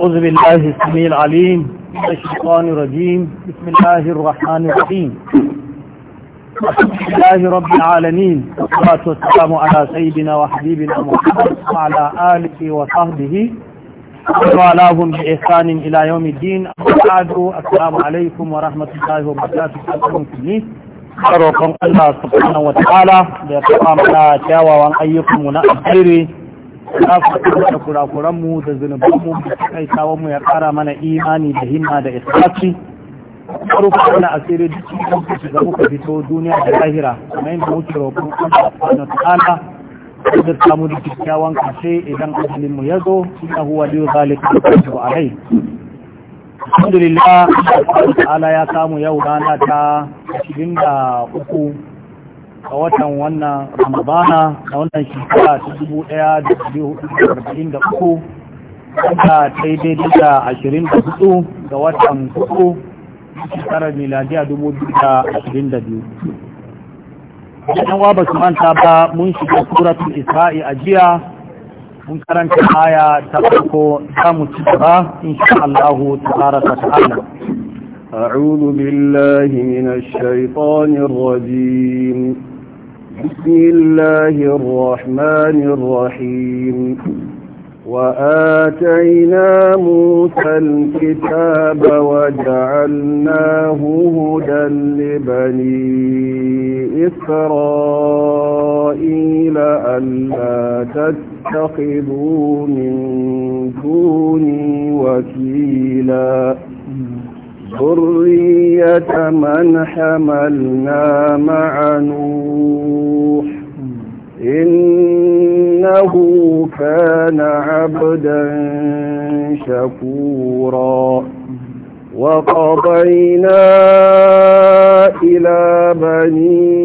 أعوذ بالله السميع العليم الشيطان الرجيم بسم الله الرحمن الرحيم الحمد لله رب العالمين والصلاة والسلام على سيدنا وحبيبنا محمد وعلى آله وصحبه وعلاهم بإحسان إلى يوم الدين بعد السلام عليكم ورحمة الله وبركاته المسلمين أرقم الله سبحانه وتعالى ليتقام لا تاوى وأن أيكم من أخيري gafarta da kurakuranmu da kai kawo mu ya kara mana imani da himma da ikhlasi farko wani asiri duk cikin shiga muka fito duniya da lahira kuma yin da muke roƙon Allah ta'ala da samu da kyakkyawan kashe idan ajalin mu ya zo inna huwa li zalika qadiru alai alhamdulillah Allah ta'ala ya samu yau rana ta 23 a watan wannan ramadana na wannan shekara ta dubu daya da dubu hudu da arba'in da uku wanda ta yi daidai da ashirin da hudu ga watan hudu shekarar miladiya dubu biyu da ashirin da biyu yan wa ba su manta ba mun shiga suratul isra'i a jiya mun karanta aya ta farko za mu ci gaba insha Allah tabaraka ta'ala أعوذ بالله من الشيطان الرجيم بسم الله الرحمن الرحيم وآتينا موسى الكتاب وجعلناه هدى لبني إسرائيل ألا تتخذوا من دوني وكيلاً ذرية من حملنا مع نوح إنه كان عبدا شكورا وقضينا إلى بني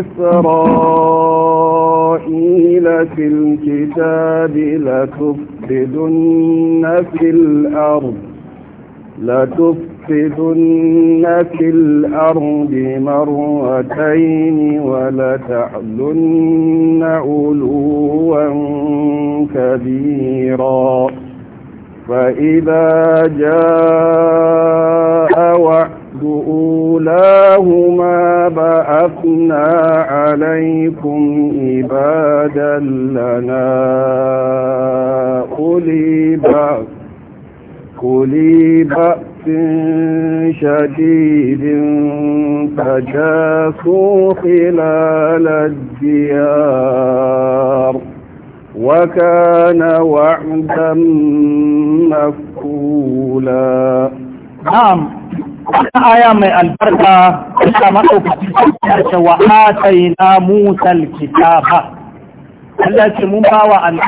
إسرائيل في الكتاب لتفقدن في الأرض لتفسدن في الأرض مرتين ولتعلن علوا كبيرا فإذا جاء وعد أولاهما بأثنا عليكم عبادا لنا أولي بأس أولي بأس شديد فجاسوا خلال الديار وكان وعدا مفعولا نعم آية من البركة كما وآتينا موسى الكتاب Allah ce mun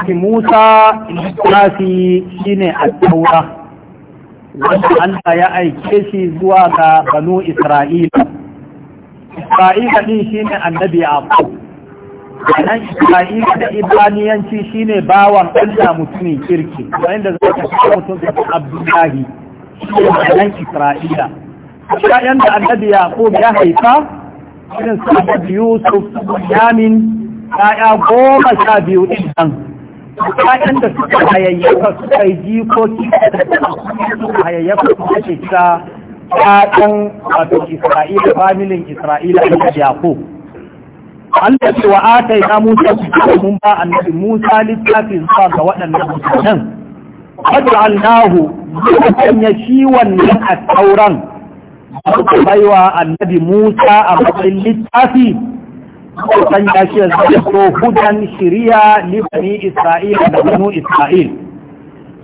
موسى annabi في littafi التوراة wanda Allah ya aike shi zuwa ga banu Isra'ila. Isra'ila din shi ne annabi Yaqub. Isra'ila da Ibaniyanci shi ne bawan Allah mutumin kirki, da za ka fi mutum da Abdullahi, shi ne sannan Isra'ila. Sha'yan da annabi Yaqub ya haifa, irin su Yusuf, Yamin, ya'ya goma sha biyu ɗin nan. kayan da suka hayayyafa suka yi jikoki suka hayayyafa suka ce ta ɗan wato isra'ila familin isra'ila da jako Allah ce wa ata ya Musa kitabu mun ba annabi Musa littafin sa ga waɗannan mutanen waj'alnahu muka sanya shi wannan a tauran muka baiwa annabi Musa a matsayin littafi sanya shi ya zai so hudan shiriya libani isra'ila da banu isra'il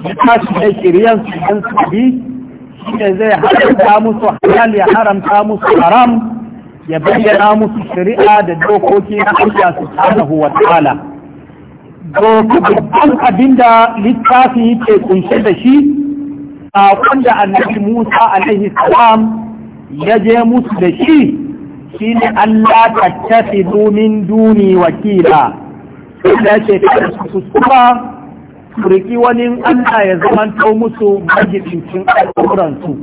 ya tashi da shiriyan su shi ne zai haramta musu halal ya haramta musu haram ya bayyana musu shari'a da dokoki na su subhanahu wa ta'ala dokokin abinda littafi ke kunshe da shi a wanda annabi Musa alaihi salam ya je musu da shi shi ne Allah ta tafi domin duni wakila da ce su kuma riki wani Allah ya to musu majibincin al'amuransu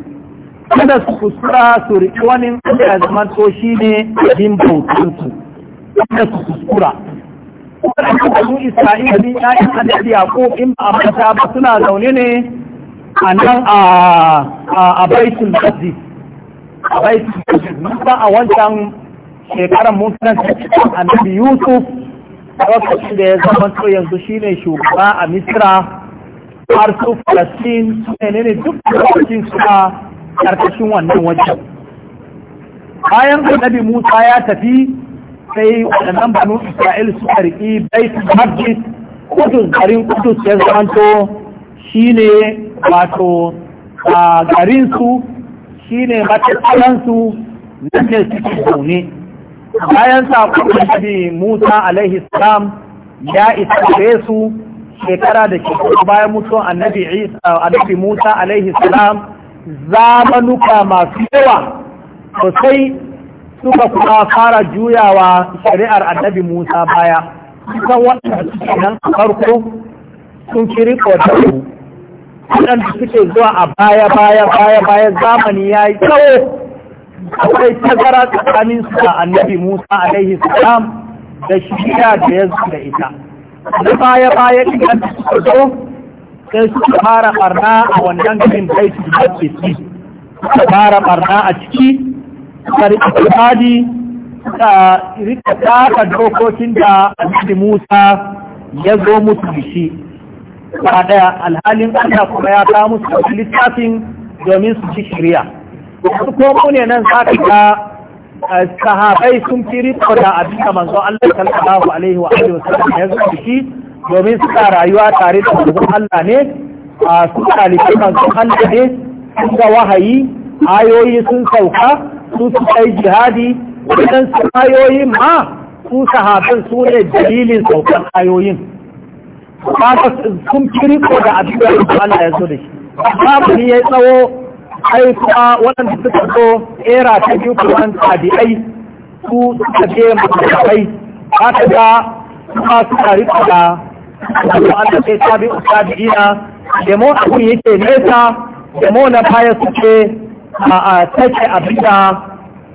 kada su kuskura su riki wani Allah ya to shi ne jin bautansu kada su kuskura waɗanda su isra'ila bin ya'yan adadi yaƙo in ba a ba suna zaune ne a nan a baitul masjid a bai mun a wancan shekarar mun cikin annabi yusuf lokacin da ya zama to yanzu shine shugaba a Misira. har su falastin su ne ne duk lokacin suna karkashin wannan wancan bayan annabi musa ya tafi sai waɗannan banu isra'il suka riƙi baitul masjid kudus garin kudus ya zama to shine wato a garinsu shine matattaransu nan ne suke zaune bayan saƙon shi Musa alaihi salam ya isa su shekara da shekaru bayan mutuwan annabi Isa annabi Musa alaihi salam zamanuka masu yawa sosai suka kuma fara juyawa shari'ar annabi Musa baya kusan waɗanda suke nan a farko sun kiri riko waɗanda suke zuwa a baya baya baya baya zamani ya yi tsawo akwai tazara tsakanin su da annabi musa alaihi salam da shirya da ya da ita na baya baya ɗin da suka zo sai suka fara barna a wannan garin su da ke ci suka fara barna a ciki suka rika tsadi suka rika taka dokokin da annabi musa ya zo musu da shi ba daya alhalin Allah kuma ya kawo musu littafin domin su ci shirya wasu komo ne nan za ka eh, sahabai sun fi riko da abin da manzo Allah sallallahu alaihi wa alihi wasallam ya zo ciki domin ka rayuwa tare da manzo Allah ne a ah, su talibin manzo Allah ne sun ga wahayi ayoyi sun sauka su su kai jihadi wadansu ayoyi ma su sahabin su ne dalilin saukan ayoyin ta sun kiriko da abin da Allah ya zo da shi Babu ni ya tsawo ai kuma waɗanda suka zo era ta biyu kuran tabi'ai su suka je matakai ba ta ga kuma suka riko da wanda sai tabi'u tabi'ina demo abin yake nesa da demo na baya suke a take abin da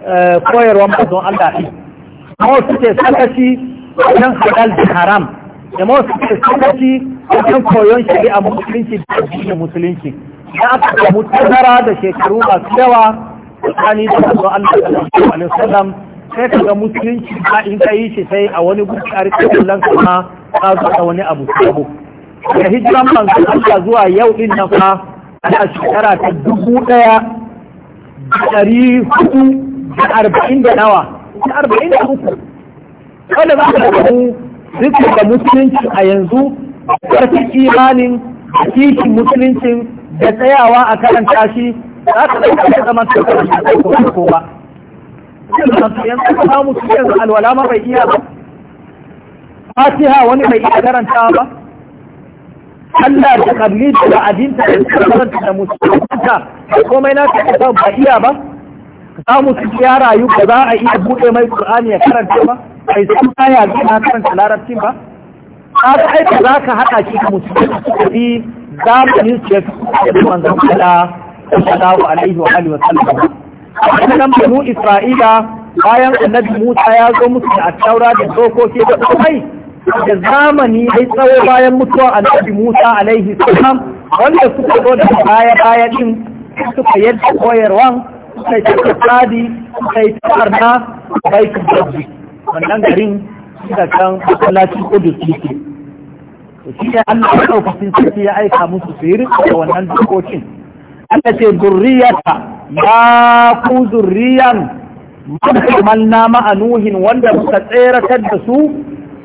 e, koyarwar mazon Allah ɗin. Kawai suke sakashi wajen halal da haram. da ma wasu ke a kan koyon shari'a musulunci da addinin musulunci Ya aka samu tazara da shekaru masu yawa tsakani da mazo Allah sallallahu Wani wasallam sai ka ga musulunci ba in ka yi shi sai a wani gudu a rikin kallon kuma ta zo da wani abu sabo da hijiran manzo Allah zuwa yau din nan fa a shekara ta dubu ɗaya da ɗari hudu da arba'in da nawa da arba'in da uku wanda za ka samu duk da musulunci a yanzu karfin imanin kishin musuluncin da tsayawa a karanta shi za ka ɗauka da zaman ta karanta ko ko ba yanzu ka samu su yanzu alwala ma bai iya ba fatiha wani bai iya karanta ba Allah da kalli da adinta da karanta da musulunta komai na ta ba iya ba samu su ya rayu ba za a iya buɗe mai Qur'ani ya karanta ba bai san baya gina karanta larabcin ba ka ga ai ba za ka haɗa shi da musulmi suka bi zamanin su ya fi kusa da manzon Allah sallallahu alaihi wa alihi wa sallam wannan banu Isra'ila bayan annabi Musa ya zo musu da attaura da dokoki da komai da zamani mai tsawo bayan mutuwa annabi Musa alaihi salam wanda suka zo da baya baya din suka yadda koyarwan suka yi tsadi suka yi tsarna suka yi kabarji wannan garin suka kan masallacin kudus yake to shi ne Allah ya ɗaukacin sarki ya aika musu su yi da wannan dokokin Allah ce zurriyata ya ku zurriyan makamanna ma'a nuhin wanda muka tseratar da su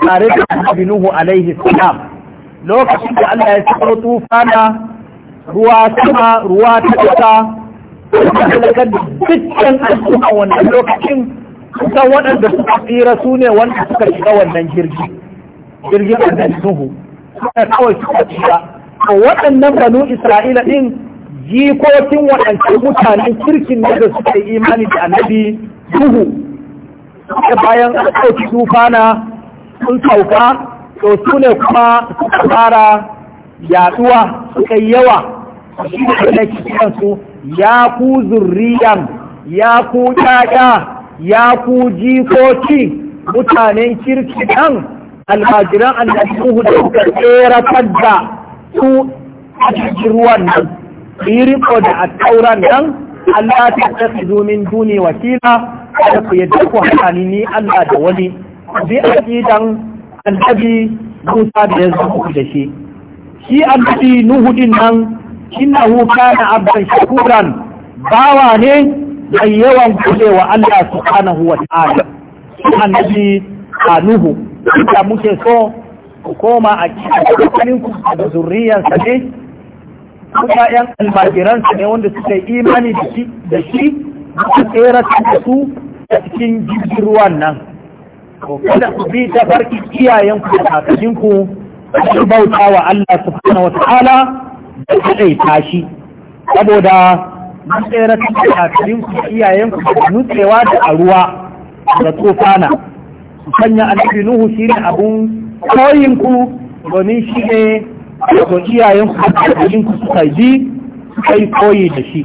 tare da annabi nuhu alaihi salam lokacin da Allah ya sako tufana ruwa sama ruwa ta kasa da dukkan al'umma wannan lokacin kusan waɗanda suka tsira su ne wanda suka shiga wannan jirgi jirgin annabi suhu. suka kawai suka tsira to waɗannan banu isra'ila ɗin jikokin waɗancan mutanen kirkin ne da suka yi imani da annabi duhu suka bayan an ɗauki tufana sun sauka to su ne kuma suka fara yaɗuwa suka yi yawa shi ne da ya ku zurriyan ya ku ƴaƴa ya ku jikoki mutanen kirki ɗan almajiran annabihu da suka tseratar da su a cikin ruwan nan riko da a tauran nan Allah ta tafi domin duni wakila da ku yadda ku ni Allah da wani bi a aqidan annabi Musa da yanzu ku da shi shi annabi Nuhu din nan innahu kana abdan shakuran bawa ne dan yawan wa Allah subhanahu wa ta'ala annabi anuhu da muke so ku koma a cikin ku da zuriyar sa ne kuma yan almajiran sa ne wanda suka yi imani da shi da shi suka tsere da su a cikin jirgin nan Ko kada ku bi ta farki iyayen ku da kakannin ku ku bauta wa Allah subhanahu wa ta'ala da kai tashi saboda mun tsere ta kafirin ku iyayen ku nutsewa da a ruwa da tsofana ku sanya annabi nuhu ne abun koyin ku domin shi ne wato iyayen ku kafirin ku suka ji kai koyi da shi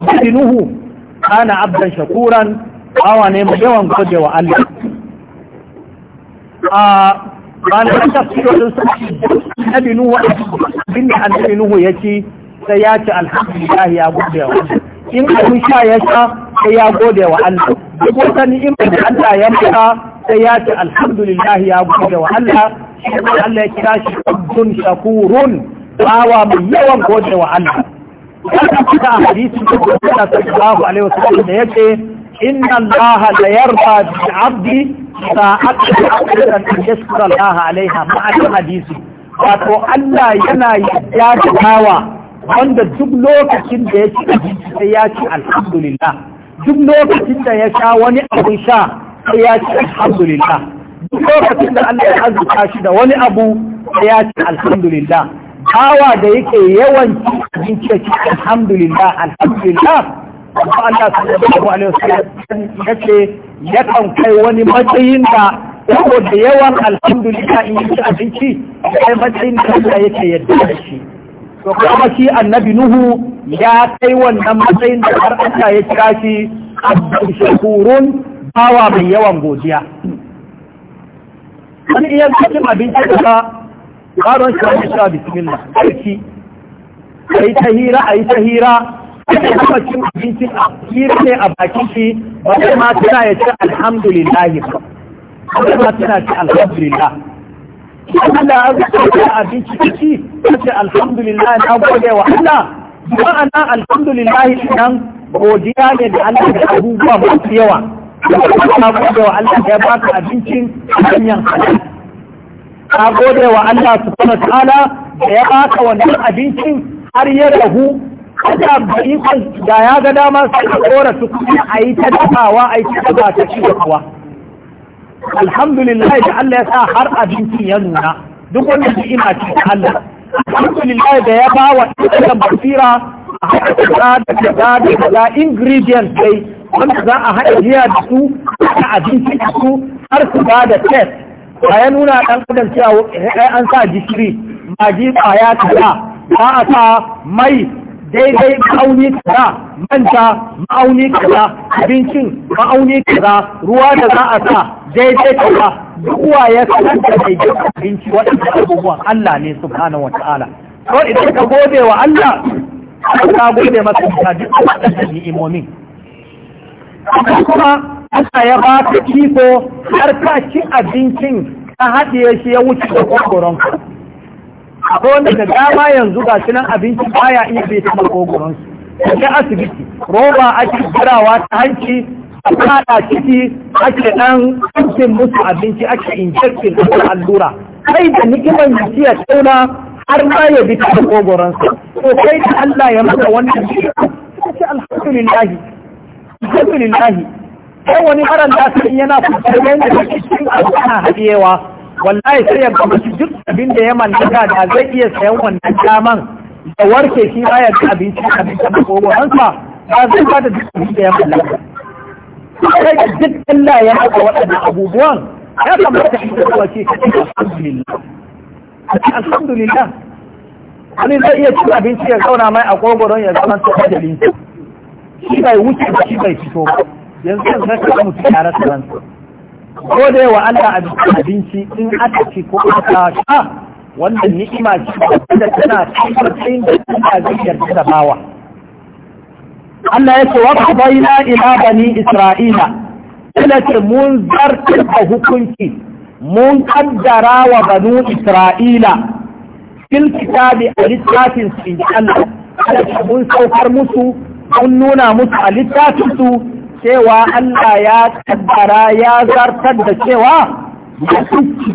annabi nuhu kana abdan shakuran awa ne mu yawan gode wa Allah a ranar tafsirin sun ce annabi nuhu abin da annabi nuhu ya ce sai ya ce alhamdulillah ya gode wa Allah in abin sha ya sha sai ya gode wa Allah duk wata ni'ima da Allah ya maka sai ya ce alhamdulillah ya gode wa Allah shi Allah ya kira shi abdun shakurun bawa mai yawan gode wa Allah wannan fita a hadisin da Allah sallallahu alaihi wasallam da yake inna Allah la yarda bi 'abdi sa'atan an yashkura Allah alaiha ma'a hadisi wato Allah yana yarda da bawa wanda duk lokacin da ya ci abinci sai ya ci alhamdulillah duk lokacin da ya sha wani abin sha sai ya ci alhamdulillah duk lokacin da Allah ya azuka shi da wani abu sai ya ci alhamdulillah bawa da yake yawan ci abinci ya ci alhamdulillah alhamdulillah ba Allah sallallahu alaihi wasallam yace yakan kai wani matsayin da saboda yawan alhamdulillah in ci abinci sai matsayin da yake yadda da shi to kuma shi annabi nuhu ya kai wannan matsayin da har Allah ya kira shi abdul shakurun bawa mai yawan godiya wani iya cikin abinci da ka karon shi wani sha bismillah sarki kai ta hira a yi ta hira kai kuma abinci a hira ne a bakin shi ba kai ma tana ya ci alhamdulillah ba kai ma tana ci alhamdulillah Allah arziki a abinci ciki, kace alhamdulillah na gode wa Allah ma'ana alhamdulillah idan godiya ne da Allah da abubuwa masu yawa na gode wa Allah da ya baka abincin hanyar halal Na gode wa Allah subhanahu wa ta'ala da ya baka wannan abincin har ya rahu kada da ikon da ya ga dama sai ka kora su kuma a yi ta dafawa a yi ta dafa ta ci da alhamdulillah da Allah ya sa har abincin ya nuna duk wanda ji ina Allah alhamdulillah da ya ba wa ɗan basira a haɗa da kaza da kaza ingredients dai wanda za a haɗa jiya da su da abinci da su har su ba da test a ya nuna ɗan adam cewa eh, an sa gishiri magi ya kaza ba a sa mai daidai ma'auni kaza manta ma'auni kaza abincin ma'auni kaza ruwa da za a sa daidai kaza duwa ya sanar da mai jin abinci waɗanda abubuwan Allah ne subhanahu wa ta'ala ko idan ka gode wa Allah ka gode masa da duk waɗannan ni'imomin kuma Allah ya ba ka kiko har ka ci abincin ka haɗiye shi ya wuce da kwakwaronka akwai wanda da dama yanzu ga shi nan abinci baya iya bai ta makogoron ta asibiti roba ake girawa ta hanci a kada ciki ake dan cikin musu abinci ake injectin a allura kai da nikiman jiki ya tauna har ma ya bi ta makogoron su to kai da Allah ya maka wannan ce alhamdulillahi, alhamdulillahi. sai wani da yana fitar da cikin abu ana hadiyewa wallahi sai ya gama duk abin da ya mallaka da zai iya sayan wannan daman da warke shi ba ya abinci abinci da kogoransa ba zai ba da duk abin da ya mallaka sai da duk Allah ya maka waɗannan abubuwan ya kamata in zuwa ce ka ce alhamdulillah alhamdulillah wani zai iya cin abinci ya zauna mai a kogoron ya zama ta ajalin shi bai wuce ba shi bai fito ba yanzu yanzu sai ka mutu tare da ransa dai wa Allah abinci in aka ci ko aka sha wannan ni'ima ce da tana cikin da tana zikir da bawa Allah ya ce wa qadayna ila bani isra'ila ila mun zartar da hukunci mun kaddara wa banu isra'ila fil kitabi a littafin su in Allah mun saukar musu mun nuna musu a littafin su cewa Allah ya kaddara ya zartar da cewa ya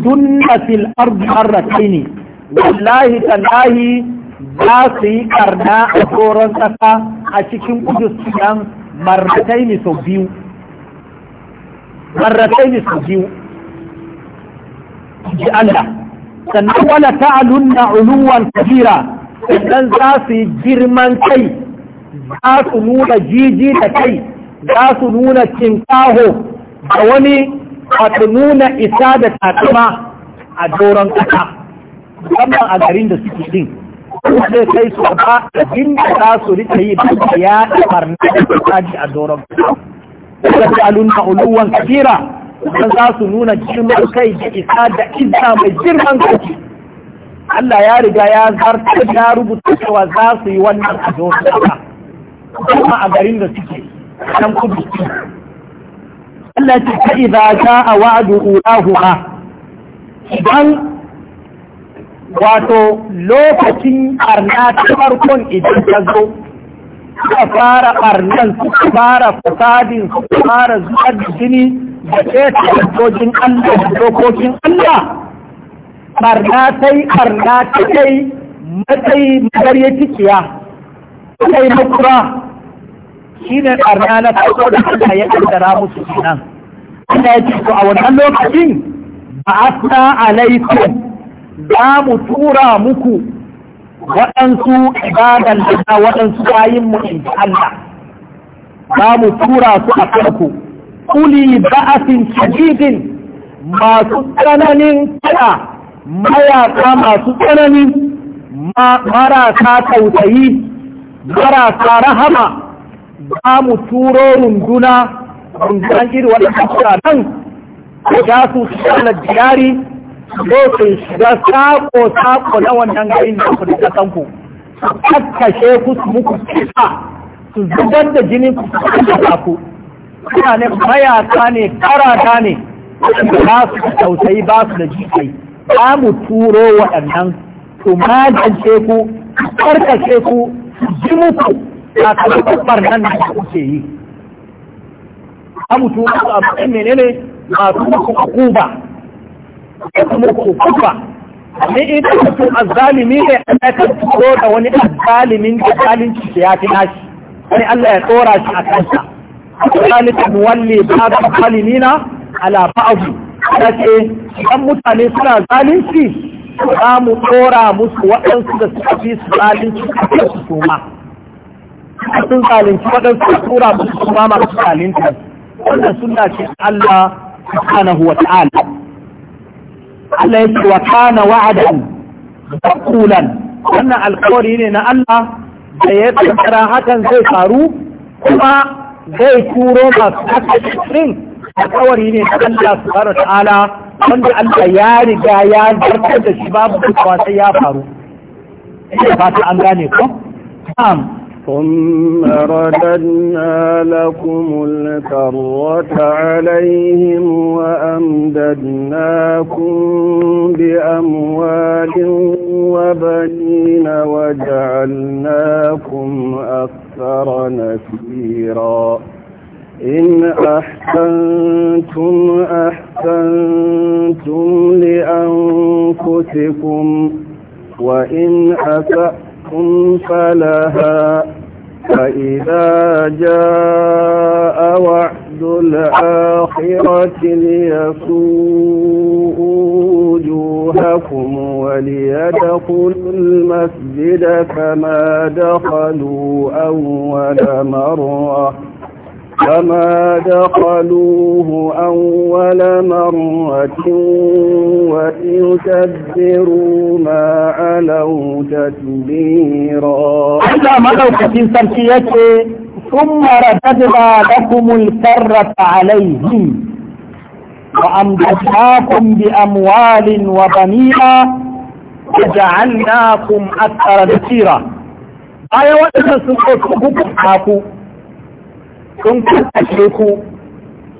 tunna fil ardi wallahi tallahi za su yi karna a tsoron ƙasa a cikin kudus ɗan marataini sau biyu marataini sau biyu ji Allah sannan wala ta'alunna uluwan kabira sannan za su yi girman kai za su nuna jiji da kai za su nuna cinkaho da wani wato nuna isa da takama a doron kasa musamman a garin da suke din kuma kai su ba inda za su rika yi ba ya da barna da kaji a doron kasa da su alunna uluwan don za su nuna girman kai da isa da isa mai girman kai Allah ya riga ya zartar ya rubuta cewa za su yi wannan a doron kasa kuma a garin da suke kan kudu Allah ta ka idza jaa wa'du ulahuma idan wato lokacin arna ta farkon idan ta zo suka fara ɓarnan suka fara fasadin suka fara zubar jini da dokokin Allah da dokokin Allah ta yi arna ta kai matsayi magarya cikiya ta kai makura shi ne ƙarna na farko da Allah ya ƙaddara musu kenan Allah ya ce to a wannan lokacin ba asna alaikum za mu tura muku waɗansu ibadan da waɗansu bayin mu in Allah za mu tura su a kanku kuli ba'asin shadidin masu tsananin kira mayaka masu tsanani marasa tausayi marasa rahama Zamu mu turo runduna rundunan iri waɗannan mutanen za su tsala jari ko su shiga sako-sako na wannan garin da ku da kanku su kakkashe ku su muku kisa su zubar da jinin ku su kasa ku ne mayaka ne karata ne ba su tausayi ba su da jikai za mu turo waɗannan su magance ku karkashe ku ji muku sakamakon nan da kuke yi a mutu a matsayin menene masu muku hukuba masu muku hukuba ne ita a zalimi ne a kan tsoro da wani a zalimin da zalunci ya fi nashi wani Allah ya tsora shi a kansa zalika muwalli ba'd zalimina ala ba'd kace idan mutane suna zalunci za mu tsora musu waɗansu da suka fi su zalunci a kansu su ma sun zalunci waɗansu tura musu kuma su zalunta wannan suna ce Allah subhanahu wa ta'ala Allah ya ce wa kana wa'adan maqulan wannan alƙawari ne na Allah da ya tsara hakan zai faru kuma zai turo masu hakanin alƙawari ne na Allah subhanahu wa ta'ala wanda Allah ya riga ya zartar da shi babu kuma ya faru ina fata an gane ko ثم رددنا لكم الكرة عليهم وأمددناكم بأموال وبنين وجعلناكم أكثر نفيرا إن أحسنتم أحسنتم لأنفسكم وإن أسأتم فلها فإذا جاء وعد الآخرة ليسوء وجوهكم وليدخلوا المسجد كما دخلوا أول مرة كما دخلوه أول مرة ويتبروا ما علوا تتبيرا إذا ملوك في سركيته ثم رددنا لكم الكرة عليهم وأمددناكم بأموال وبنينا وجعلناكم أكثر ذكيرا. أيوة وإذا سنقص حكم sun kasace ku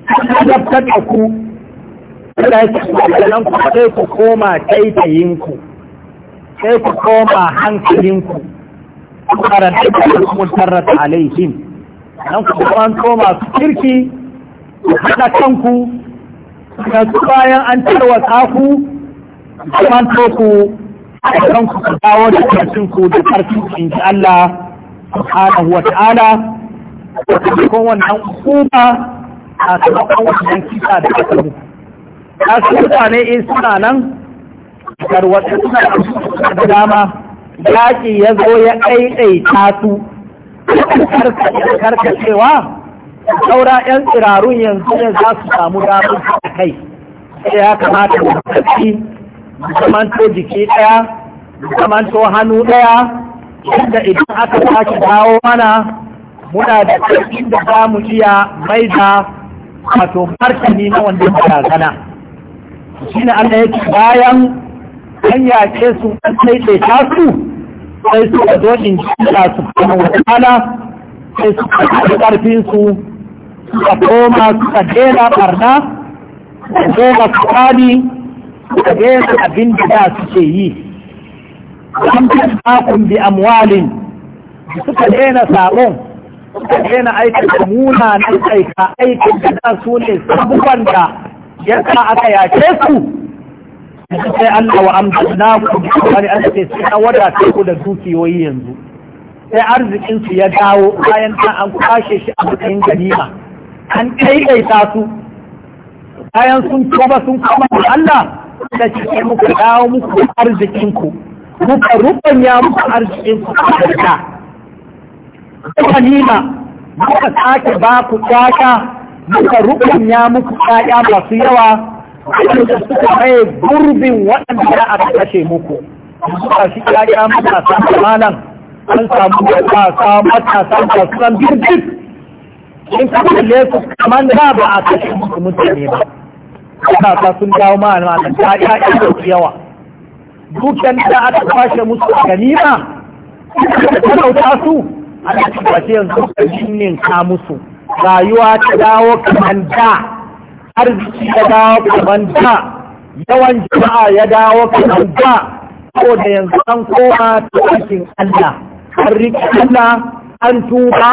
sun zaftata ku da ya ku sai ku koma taitayinku sai ku koma hankalin ku karanta da kuma tarrata alaihim nan ku an koma su kirki ku haɗa kanku da su bayan an tarwata ku an ku a kanku ku dawo da ku da karfinku in Allah subhanahu wa ta'ala ko wannan kuma a sakamakon wannan kisa da aka mutu ta su mutane in suna nan garwata suna da dama yaƙi ya zo ya ƙaiƙaita su karkacewa saura 'yan tsirarun yanzu ne za su samu damar a kai sai ya kamata mu tafi zamanto jiki ɗaya zamanto hannu ɗaya inda idan aka sake dawo mana muna da ƙarfin da za mu iya mai da wato martani na wanda barazana shi ne Allah ce bayan an yaƙe su an taiɗaita su sai su in ji jina su kuma wakala sai su da ƙarfin su suka koma suka barna suka dena su suka dena abin da da suke yi an bi amwalin suka dena sa'on. suka daina aikata munanan aika aikin da da su ne sabuwan da ya sa aka yace su sai Allah wa amdana ku wani an ce sai an wadata ku da dukiyoyi yanzu sai arzikin su ya dawo bayan an kwashe shi a matsayin ganima an daidaita su bayan sun tuba sun kama da Allah da ce muku dawo muku arzikinku muka rubanya muku arzikinku da kuma nima muka sake ba ku kyaka muka rukunya muku ƙwaƙa masu yawa waɗanda suka maye gurbin waɗanda ya a kashe muku suka shi ƙwaƙa matasa samu malam an samu matasa matasa da sunan birgit in ka kalle su kamar da ba a kashe muku mutane ba ta sun dawo ma'ana da ƙwaƙa ɗin yawa dukkan da aka kwashe musu ganima ta talauta su Allah ta kwace yanzu ka ka musu rayuwa ta dawo kaman da arziki ya dawo kaman da yawan jama'a ya dawo kaman da da yanzu an koma ta cikin Allah an riƙe Allah an tuba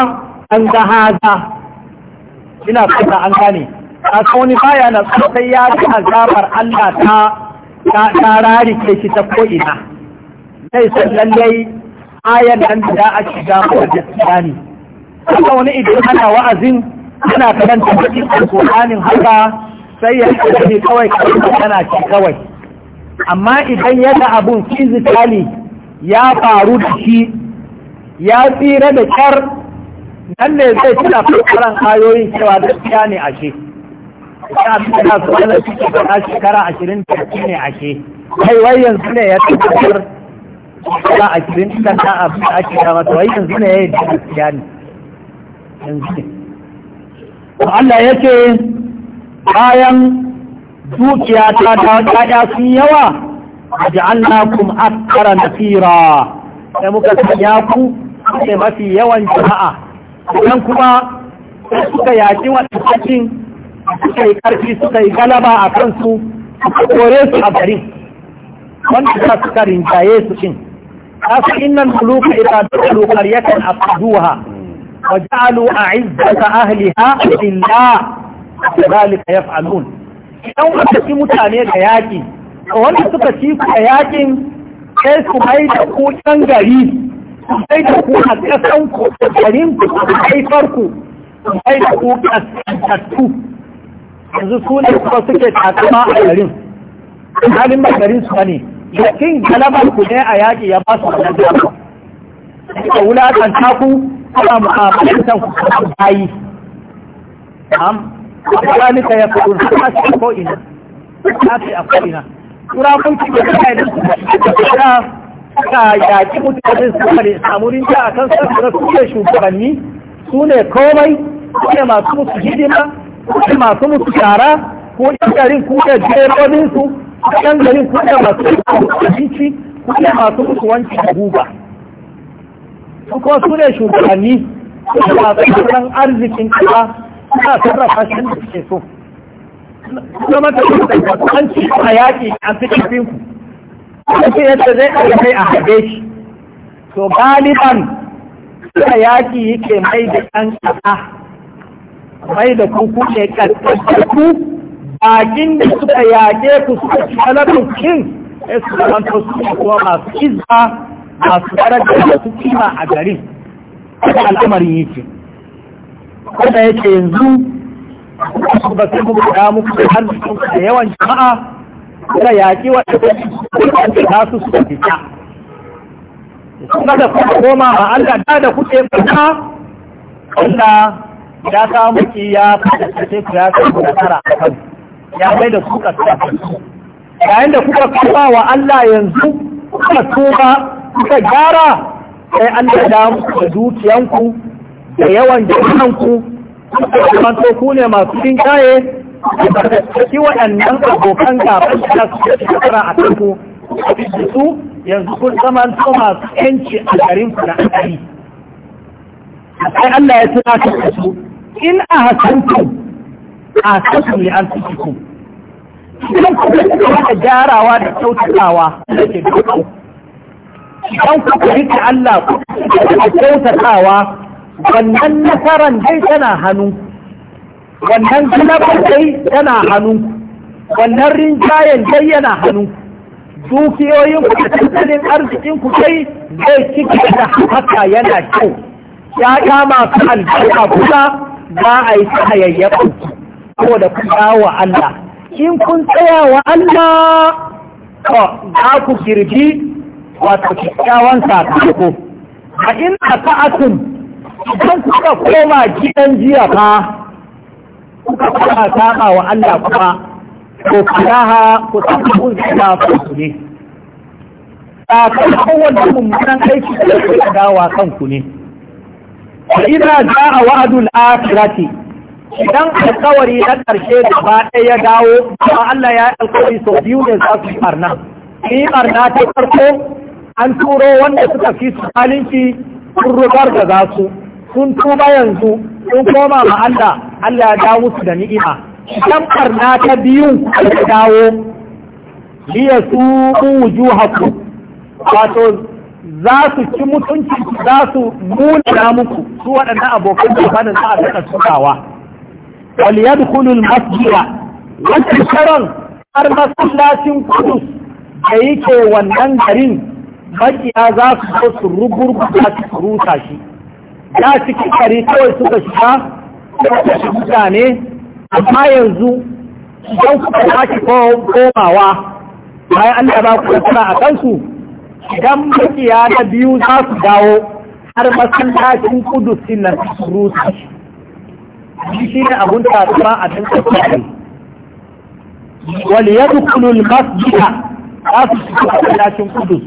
an ga haza ina fata an gane a sauni baya na sai ya ga azabar Allah ta ta rarike shi ta ko'ina sai sai lallai ayar nan da a shiga ko gaskiya ne haka wani idan ana wa'azin ana karanta cikin alƙur'anin haka sai ya ce kawai kawai tana ce kawai amma idan yadda abin abun ya faru da shi ya tsira da kyar nan ne zai tuna fukaran ayoyin cewa gaskiya ne ashe ta abin da su wani suke shekara ashirin da ne ashe kai wayan su ne ya tabbatar za a kirin kan da abin da ake kama to yanzu ne yayin da gaskiya ne yanzu Allah ya ce bayan dukiya ta ta sun yawa akara na tsira. sai muka sanya ku sai mafi yawan jama'a Idan kuma suka yaki wadannan suka yi karfi suka yi galaba a kansu suka kore su a garin wanda suka rinjaye su cin kasu innan muluka idan dukkanin karyatan afduha wa ja'alu a'izzata da illa zalika yaf'alun idan aka ci mutane da yaƙi wanda suka ci ku da yakin sai su mai da ku can gari su mai da ku a ƙasan ku da garin ku a haifar ku su mai da ku ƙasantattu yanzu su ne kuma suke takama a garin halin ba garin su ne da kin ku ne a yaƙi ya ba su wannan dama wula kan taku ana mu'amalantar ku kan bayi am zalika ya faɗu na ta ce ko ina ta ce a ko ina kura kun ci da kai da suka suka yaƙi mutane su kare samu rinja a kan da su ne shugabanni su ne komai su ne masu musu hidima su ne masu musu shara ko ɗin garin ku ne su. ɗan garin kuɗa masu abinci kuɗa masu musu wancan guba su kuma su ne shugabanni su ne masu kasan arzikin kasa suna sarrafa shi da suke so kuma ta yi an ci a yaƙi a cikin ku ake yadda zai ɗaga a haɗe shi to galiban suka yaƙi yake mai da ɗan ƙasa mai da kuku ne ƙasƙasƙu bakin da suka yaƙe ku suka ci alabin kin ya suka zanto su kuwa masu izba masu da masu kima a garin kada al'amarin yake kada yake yanzu ba sai kuma da muku da har mutum da yawan jama'a kada yaƙi waɗanda za su suka fita kuma da kuma koma ba Allah da da kuke fita Allah ya samu ki ya fada ku ya samu tara a kanku ya mai da su kaskanta yayin da kuka kuma wa Allah yanzu kuka tuba kuka gyara sai an da damu da dukiyanku da yawan kuka kuma to ku ne masu cin kaye ki waɗannan abokan gaban da su shekara a tafi su yanzu kun zama to masu yanci a garin ku na asali sai Allah ya tuna ta su in a hasantu a kasu ne an tuki ku idan ku rika wata gyarawa da kyautatawa da ke dukkan idan ku rika Allah ku rika kyautatawa wannan nasaran dai tana hannu wannan galabar dai tana hannu wannan rinjayen dai yana hannu dukiyoyin ku da tattalin arzikin ku dai zai cike da haka yana kyau ya kama su albarka kusa za a yi ta hayayyafa saboda ku wa Allah in kun tsaya wa Allah to za ku kirji wato kyakkyawan sakamako a ina ta'atun idan kuka koma gidan jiya fa kuka koma saka wa Allah kuma ko faraha ku samu zuwa ku ne sakamakon wannan mummunan aiki da kuka dawa kanku ne fa za a wa'dul akhirati idan alkawari na ƙarshe gaba ɗaya ya dawo amma Allah ya yi alkawari sau biyu ne za su barna. ni yi ta farko an turo wanda suka fi su halinci sun rubar da za su sun tuba yanzu sun koma ma Allah Allah ya dawo su da ni'ima idan barna ta biyu ya dawo ya su haku wato za su ci mutunci za su muna muku su waɗannan abokan jihanin za a daka tukawa wal yadkhulul masjida wannan karon har masallacin kudus da yake wannan garin makiya za su zo su rugurguta su rusa shi da cikin gari kawai suka shiga suka mutane amma yanzu idan kuka sake komawa bayan Allah ba ku nasara a kansu idan makiya na biyu za su dawo har masallacin kudus din nan su shi shi shine abun tatuwa a dan tsakiyar wal yadkhulu al masjida a masallacin kudu.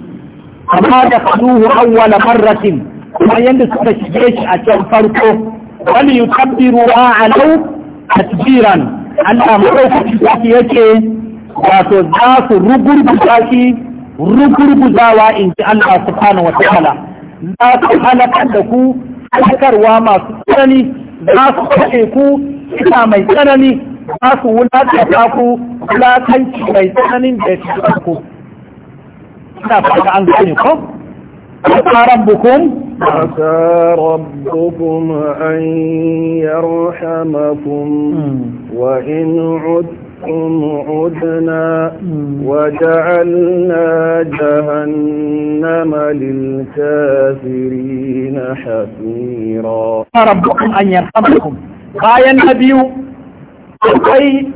amma da kaduhu awwala marratin kuma da suka shige shi a can farko wal yutabbiru wa alau tatbiran Allah maɗaukaki saki yake wato za su rugurguza shi rugurguzawa in ji Allah subhanahu wa ta'ala za su halakar da ku halakarwa masu tsanani za su kashe ku kisa mai tsanani za su wulata ku wulatanci mai tsananin da ya ku ina fata an gane ko ربكم عسى ربكم an يرحمكم وإن عدتم لكم عدنا وجعلنا جهنم للكافرين حفيرا ربكم أن يرحمكم غاية النبي أي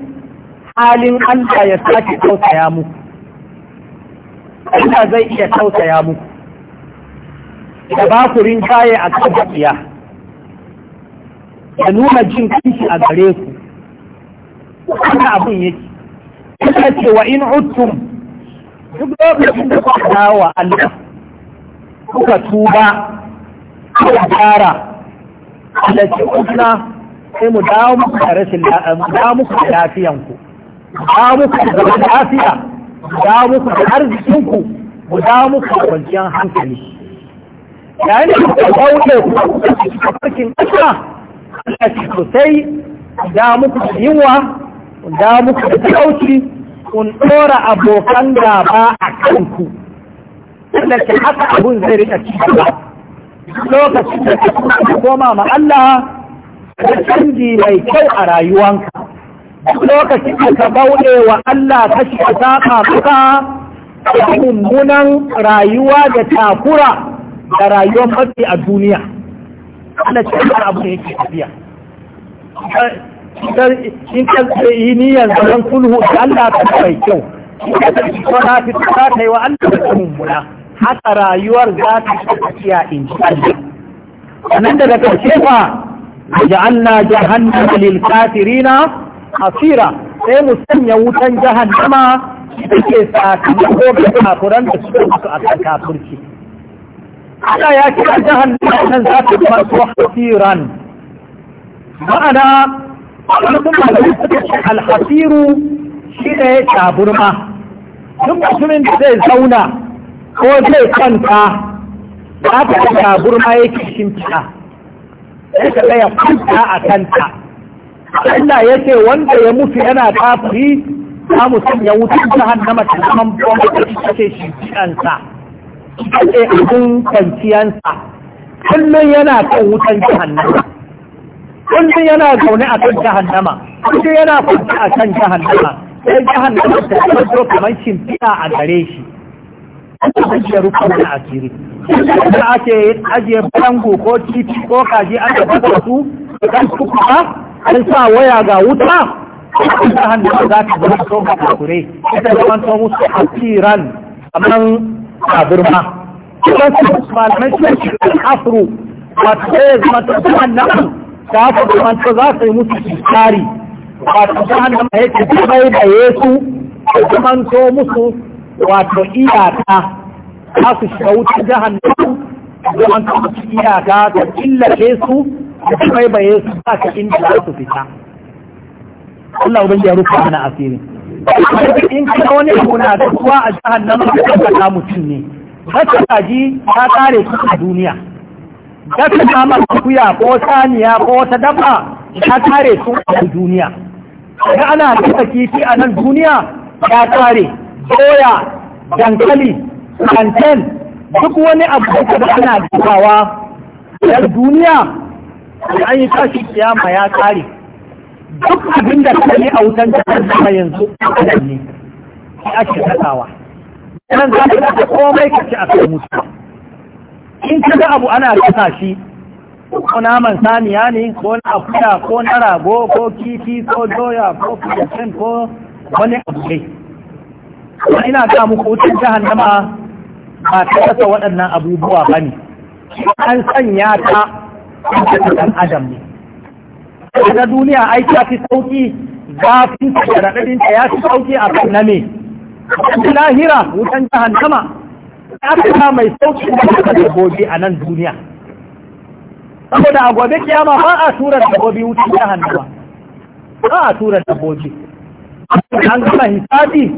حال أن لا يساك توتيامك ألا زي يتوتيامك تباكرين جاي أكبر يا ya nuna jin kanshi a gare haka abin yake ina ce wa in uttum duk lokacin da kuka dawo Allah kuka tuba kuka gyara Allah ce kuna sai mu dawo muku da rashin mu dawo muku da lafiyanku mu dawo muku da zaman lafiya mu dawo muku da arzikinku mu dawo muku da kwanciyar hankali yayin da kuka kauce kuka cikin farkin ƙasa Allah ce sosai da muku da yunwa da muku da talauci kun ɗora abokan gaba a kanku sannan ke haka abun zai rika cikin ba. lokacin da ka koma ma Allah da canji mai kyau a rayuwanka lokacin da ka bauɗe wa Allah ka shiga saƙa maka mummunan rayuwa da takura da rayuwar mafi a duniya Allah ce abu da yake tafiya in ka yi niyyar zaman kulhu, da Allah ta mai kyau ta fi ta ta yi wa Allah ta mummuna haka rayuwar za ta fi tafiya in ji Allah sannan daga ƙarshe fa ja'alna jahannama lil kafirina asira sai mu sanya wutan jahannama da ke sakamako ga kafiran da suka mutu a kan kafirci Allah ya kira jahannama nan za ta zama hasiran. ma'ana alhasiru shi ne taburma duk mutumin da zai zauna ko zai kwanta za ta ya ke shi fita sai ka tsaya kwanta a kanta Allah ya ce wanda ya mutu yana kafiri za ya wuce ta hannu ta zama bomba ta ce fitansa ta ce abin kwanciyansa kullum yana kan wutan jahannama kullum yana zaune a kan jahannama kullum yana kwanci a kan jahannama sai jahannama ta zamanto kamar shimfiɗa a gare shi ta ajiyar rufe na asiri da ake ajiye bango ko titi ko kaji an da bata su kan kuka an sa waya ga wuta kan jahannama za ta zama to ga kakure ita zamanto musu asiran kamar kabirma kuma su malamai sun shi afro wato ya zama to nan ta ta zaman za su yi musu tsari wato jahannama yake ta bai da yesu ta zaman manto musu wato iyaka za su shiga wutar jahannama zaman to musu iyaka ta killace su ta bai da yesu ba ta inda za su fita Allah ubangiji ya rufe mana asiri in kana wani abu na da kuwa a jahannama ka ta mutum ne Ta kaji ta tsare su a duniya ta samar kuya ko saniya ko wata dafa ta tare sun a duniya da ana kasa kifi a nan duniya ya tare doya dankali kanten, duk wani abu da ana dukawa, yar duniya an yi tashi kiyama ya tare duk abin da ta ne a wutan ta yanzu a ne ake kasawa nan za ka komai ka ci a kan mutu in ka abu ana kasa shi ko naman saniya ne ko na akuya ko na rago ko kifi ko doya ko fitaccen ko wani abu ne ina ga muku wutar jahannama ba ta kasa waɗannan abubuwa ba ne an sanya ta ta adam ne daga duniya ai ta fi sauki zafin ta ya fi sauki a kan na me lahira wutan nama. ƙasa mai sauƙi da gobe a nan duniya saboda a gobe kiyama ba a tura dabbobi wuce ta hannuwa ba a tura dabbobi an gama hisabi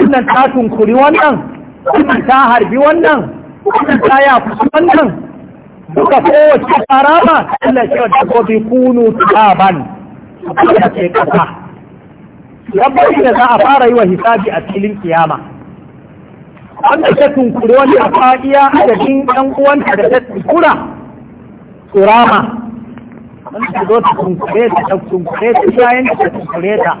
wannan ta tunkuri wannan wannan ta harbi wannan wannan ta yafi wannan duka kowace karama Allah ce wa gobe kunu taban a kasa dabbobi da za a fara yi wa hisabi a filin kiyama wanda ta tunkuri wani a faɗiya adadin ɗan uwanta da ta tunkura turama wanda ta zo ta tunkure ta ta tunkure ta shayin ta tunkure ta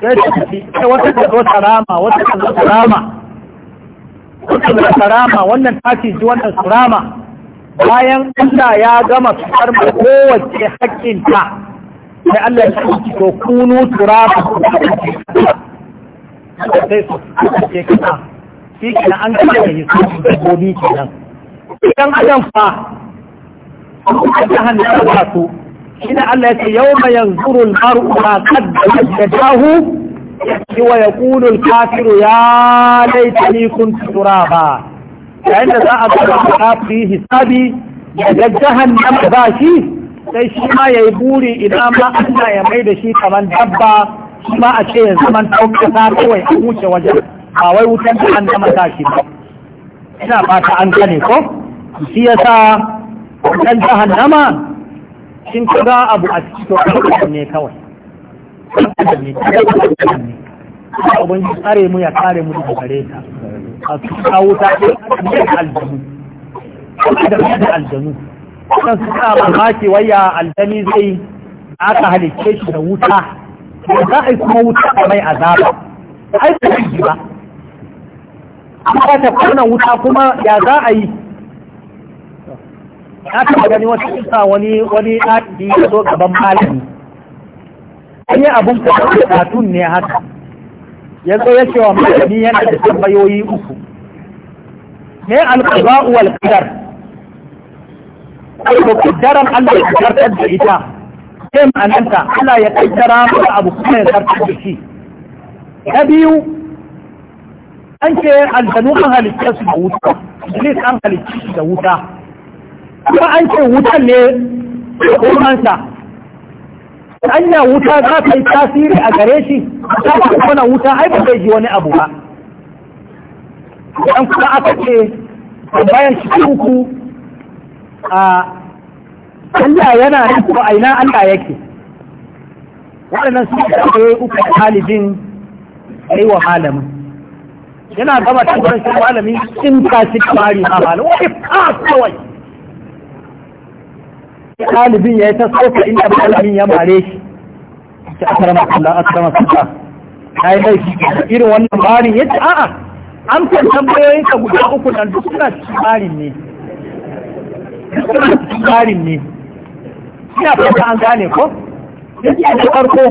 sai ta tafi sai wata ta zo ta rama wata ta zo ta rama wata ta ta rama wannan ta ci ji wannan turama bayan Allah ya gama fitar mai kowace hakkinta sai Allah ya ci to kunu turama sai ta ce ta. shi kenan an gama da hisabin dabbobi nan idan adam fa ta hannun ba su shine Allah ya ce ma yanzuru al-mar'u ma qaddamat yadahu wa yaqulu al-kafiru ya laitani kuntu turaba yayin da za a ga kafiri hisabi da jahannam ba shi sai shi ma yayi buri idan ma Allah ya mai da shi kaman dabba shi ma a ce ya zaman tauka kawai a wuce wajen ba wai wutan da an dama sa shi ba ina fata an gane ko shi sa wutan hannama. shin ka ga abu a ciki to kan ne kawai abin tsare mu ya kare mu da gare ta a cikin wuta ne aljanu da aljanu kan su sa mamaki waya aljani zai aka halicce shi da wuta za a yi kuma wuta mai azaba ai ji ba kuma ta fara wuta kuma ya za a yi na taɓa gani wata isa wani wani ɗaki ya zo gaban malami an yi abin tun ne haka ya zo ya ce wa malami yana da tambayoyi uku ne alƙaba'u wal qadar ko kaddaran Allah ya kaddarar da ita sai ma'ananta Allah ya kaddara maka abu kuma ya karɓar da shi na biyu an ce aljanu an halitta su da wuta iblis an halitta su da wuta kuma an ce wutan ne kurmansa anya wuta za ta yi tasiri a gare shi ta kuma wuta ai ba zai ji wani abu ba an kuma aka ce bayan shi uku a Allah yana nan ko aina Allah yake waɗannan su ne uku halibin wa malamin yana gaba ta gurin shi malami in ka shi kamari ma malam wai fa kawai ɗalibin ya yi ta sauka inda malamin ya mare shi ta akarama Allah akarama suka kai yi laifi irin wannan bari ya a a'a an ta tambayoyin ka guda uku nan duk suna cikin barin ne suna cikin barin ne ina fata an gane ko yake da farko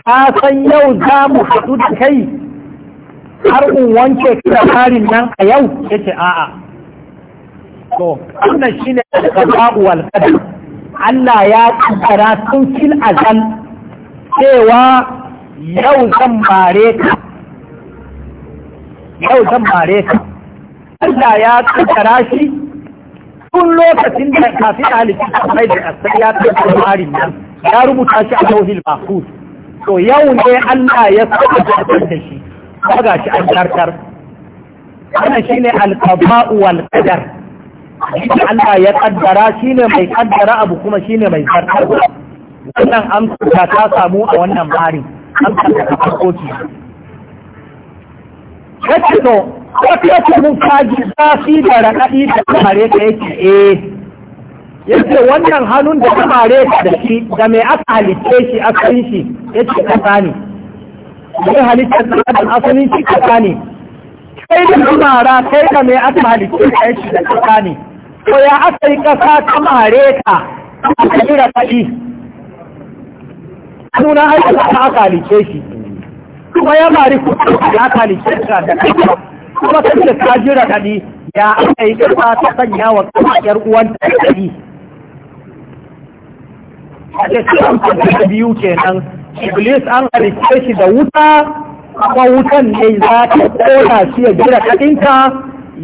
ka san yau za mu fadu da kai har in wanke kafarin nan a yau ya ce a'a to wannan da qada'u ba'uwal kada Allah ya kaddara sun fil azal cewa yau zan mare ka yau zan mare ka Allah ya kaddara shi tun lokacin da kafin halittu mai da asali ya kaddara marin nan ya rubuta shi a tauhil mahfuz to yau ne Allah ya saka da shi daga shi an tartar wannan shine alqaba'u wal shi Allah ya kaddara shine mai kaddara abu kuma shine mai zartar wannan amsa ta samu a wannan bari amsa ta farko ce yake to wata yake mun kaji zafi da raɗaɗi da kamare ka yake eh yake wannan hannun da kamare ka da shi da mai aka halitta shi aka yi shi yake ƙasa ne mai halittar da haɗin asalin shi kasa ne kai da mara kai da mai adam halittar da shi da kasa ne ko ya asa yi kasa ta mare ka aka jira kaɗi nuna aiki ta aka halitce shi kuma ya mari da ya aka halitce da kasa kuma ta da ta jira kaɗi ya aka yi kasa ta sanya wa kasa yar uwanta kaɗi a ce biyu kenan iblis an halitta shi da wuta kuma wutan ne za ta kona shi ya jira kaɗinka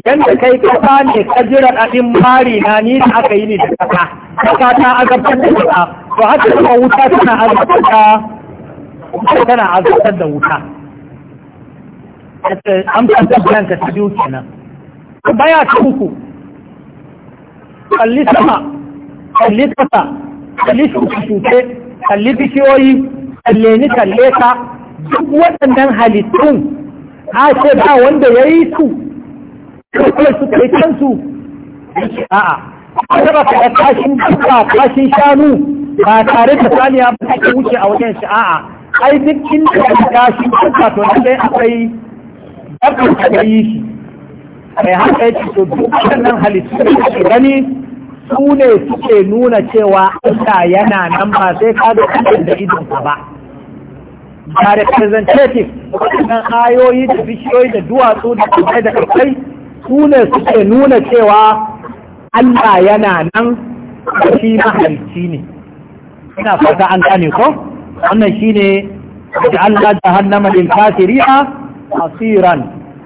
yadda kai kasa ne ka jira ɗaɗin mari na ni da aka yi ne da kasa kasa ta azabtar da wuta to haka kuma wuta tana azabtar da wuta tana azabtar da wuta an biyu kenan baya ta uku kalli sama kalli kasa kalli shuke-shuke kalli bishiyoyi kalle ni kalle ka duk waɗannan halittun a ce ba wanda ya yi su kawai su kai kansu a'a an taba faɗa kashin duka kashin shanu ba tare da saniya ba ta wuce a wajen shi a'a ai duk da ya kashin duka to na dai akwai dabbar da yi shi mai haka ya ce to duk waɗannan halittun da ke gani su ne suke nuna cewa Allah yana nan ba sai ka da ɗan da idonka ba ba da representative waɗannan ayoyi da bishiyoyi da duwatsu da kuma da ƙarfai sune suke nuna cewa Allah yana nan shi mahalicci ne ina fata an gane ko wannan shine da Allah jahannama lil kafiriya asiran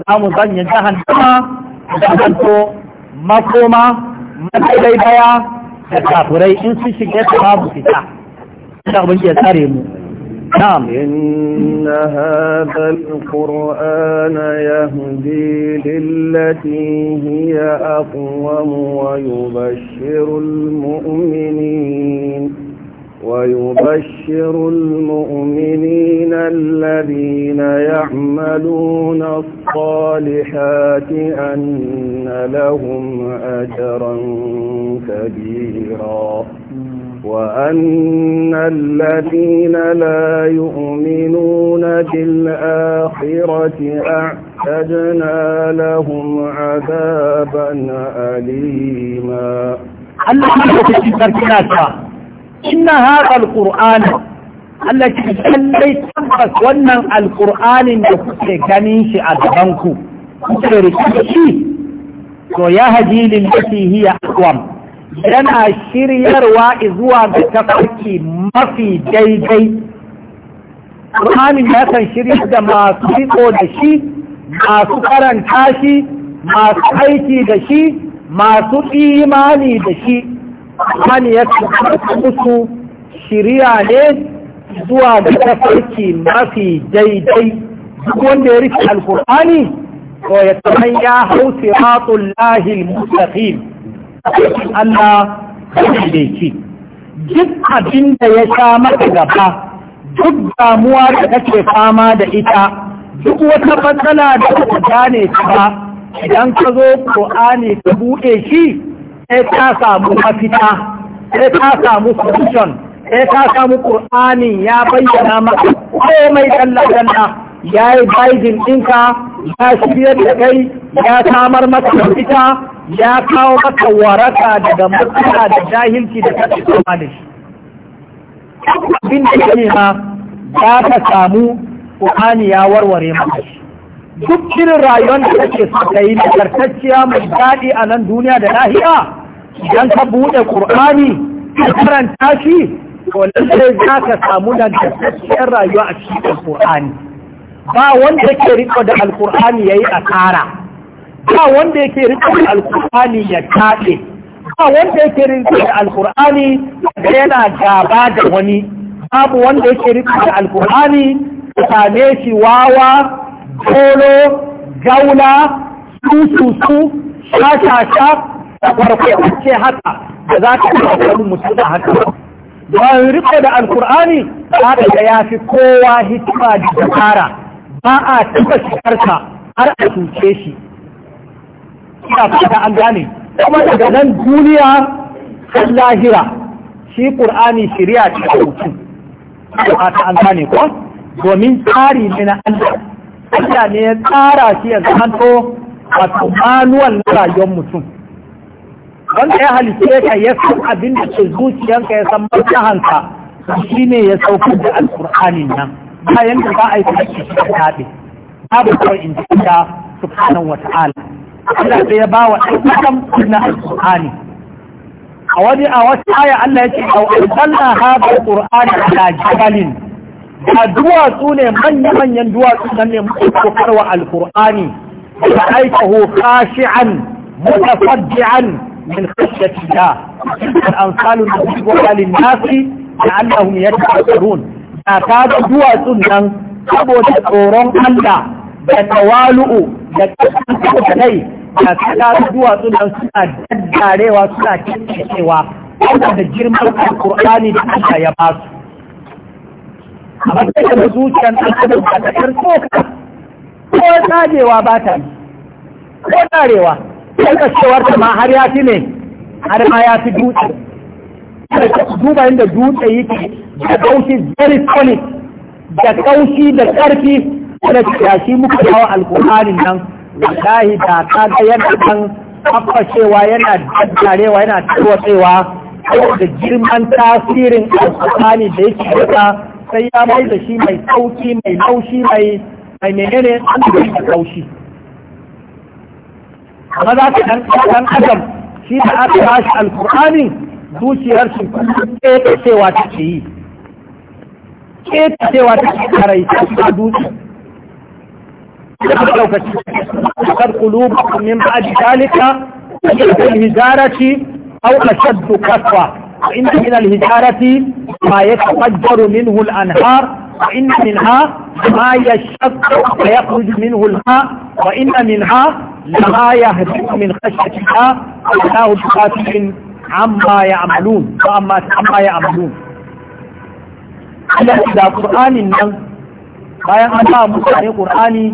za mu zanya jahannama da zanto makoma من daya da kafurai in في shiga ta babu fita ina نعم إن هذا القرآن يهدي للتي هي أقوم ويبشر المؤمنين ويبشر المؤمنين الذين يعملون الصالحات أن لهم أجرا كبيرا وأن الذين لا يؤمنون بالآخرة أعتدنا لهم عذابا أليما إن هذا القرآن Allah ki kallai tabbas wannan alƙur'anin da kuke gani shi a gabanku kuke rike shi to ya haji lillahi hiya aqwam yana shiryarwa zuwa ga tafarki mafi daidai Al-ƙur'ani ya kan shirya da masu riko da shi masu karanta shi masu aiki da shi masu imani da shi Qur'ani ya kan musu shirya ne zuwa ga tafarki mafi daidai duk wanda ya rike alkur'ani ko ya tsaman ya hau siratun lahil mustaqim Allah daidaici duk abin da ya sha maka gaba duk damuwa da kake fama da ita duk wata matsala da kuka gane ta ba idan ka zo ƙo'ani ka buɗe shi sai ta samu mafita sai ta samu solution sai ka samu ƙur'ani ya bayyana maka mai dalla-dalla ya yi baijin ɗinka ya shirya da kai ya samar maka ita ya kawo maka waraka daga matsala da jahilci da ta tsoma da shi abin da ke ma ka samu ƙur'ani ya warware maka duk irin rayuwar da kake so ka yi nagartacciya mai daɗi a nan duniya da lahiya idan ka buɗe ƙur'ani ka karanta shi wannan za ka samu nagartacciyar rayuwa a cikin alkur'ani ba wanda ke riko da alkur'ani ya yi asara ba wanda ke riko da alkur'ani ya taɗe ba wanda yake riko da alkur'ani yana gaba da wani babu wanda yake riko da alkur'ani ka same shi wawa kolo gaula sususu shashasha da kwarkwai ce haka da za ka yi mutum da haka bayan riko da Alƙur'ani ba da ya fi kowa hikima da zakara ba a taɓa shekarta har a cuce shi ina fata an gane kuma daga nan duniya har lahira shi ƙur'ani shirya ta a ba ta an gane ko domin tsari ne na Allah Allah ne ya tsara shi ya zamanto wato manuwal na rayuwar mutum wanda ya halice ka ya san abin da ke zuciyanka ya san maslahanka shi ne ya sauka da alkur'anin nan bayan da za a yi kuma shi ta taɓe babu kawai in ji ta subhanahu wa ta'ala Allah sai ya ba wa ɗan adam na alkur'ani a wani a wata aya Allah ya ce au anzalna hadha alqur'ana ala jabalin da duwatsu ne manya-manyan duwatsu nan ne muka kokarwa alkur'ani da aikahu khashi'an mutafaddi'an من خشية الله الأنصال نصيبها الناس لأنهم يتفكرون أكاد دوا سنة أبو تقورون ألا يتوالؤ يتفكر عليه أكاد دوا سنة سنة جداري وسنة كتشيوة هذا جرم القرآن لأنها يباس أما تكتب زوجا أكاد تكتر سوكا ko tsagewa ba ta ko tarewa karkacewar ta ma har ya fi ne har ma ya fi dutse duba inda dutse yake da kaushi very solid da kaushi da karfi da shi muka yawa alkur'anin nan wallahi da ta ga yana kan kafashewa yana daddarewa yana tarwatsewa da girman tasirin alkur'ani da yake daga sai ya mai da shi mai sauki mai laushi mai mai menene an da kaushi amma za ka dan dan adam shi da aka tashi alqur'ani zuciyar shi قلوبكم من بعد ذلك الهجارة أو أشد كسوة وإن من الهجارة ما يتفجر منه الأنهار وإن منها ما يشق ويخرج منه الماء وإن منها لما يهدئ من خشية الله الله بقاتل عما يعملون فأما عما يعملون Allah da Qur'anin nan bayan an ba mutane Qur'ani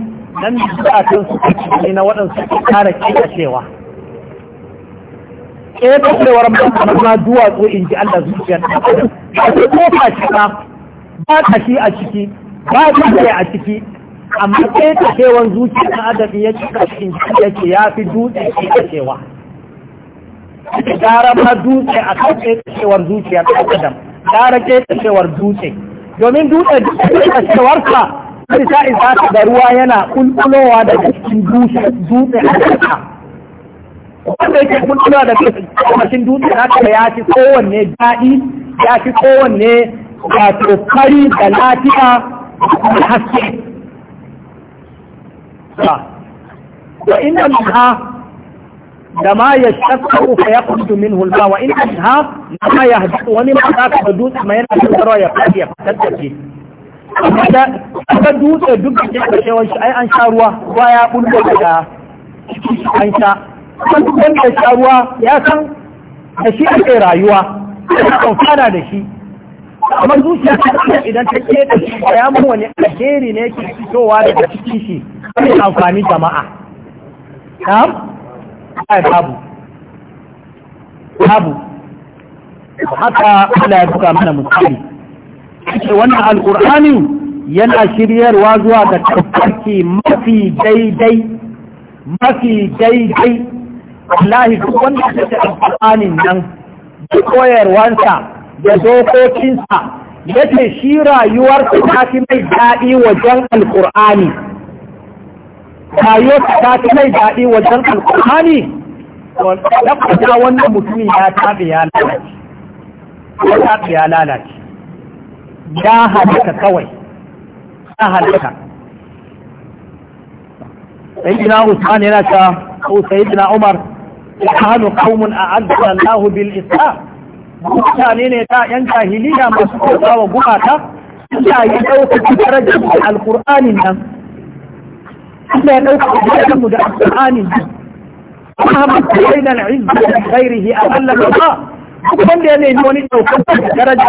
nan da kan su ne na waɗansu ke kara kika cewa eh ta cewar ma ma duwa ko in ji Allah zuciyar ta ko ta ce ba a ciki ba a ciki amma sai ta cewan zuciya na adabi ya cika cikin yake ya fi dutse ke cewa. gara ma dutse a kan sai ta cewar zuciya ta adam gara ke ta cewar dutse domin dutse a cewar ka sai ta isa ta da ruwa yana kulkulowa da cikin dutse a kasa wanda yake kulkulowa da cikin dutse na kasa ya fi kowanne daɗi ya fi kowanne wato kari da lafiya da haske shakka wa inda minha da ma ya shakka uka ya kudu min hulma wa inda minha da ma ya hajji wani ma za ka dutse mai yana tarawa ya fadi ya fitar da shi ka dutse duk da ke kashewan shi ai an sha ruwa ba ya bulbo daga an sha wanda ya sha ruwa ya san da shi ake rayuwa ya fara da shi amma zuciya ta idan ta ke da shi ya mu wani alheri ne ke fitowa daga cikin shi yi amfani jama'a na'am ai babu babu haka Allah ya buka mana misali ce wannan Alƙur'ani yana shiryarwa zuwa ga tafarki mafi daidai mafi daidai wallahi duk wanda ya ce Alƙur'ani nan da koyarwansa da dokokinsa yace shi rayuwarsa ta fi mai daɗi wajen Alƙur'ani. kayo ta ta mai daɗi wajen alƙur'ani da kuma wannan mutumin ya taɓe ya lalace ya taɓe ya lalace ya halitta kawai ya halitta. sai gina usman yana ta sosai sai umar ya hannu kaumun a addu'a lahu bil islam mutane ne ta yan jahiliya masu wa gumata suna yi ɗaukaki darajar alƙur'anin nan Allah ya ɗauka da mu da Muhammad al duk wanda ya nemi wani ɗaukar daraja a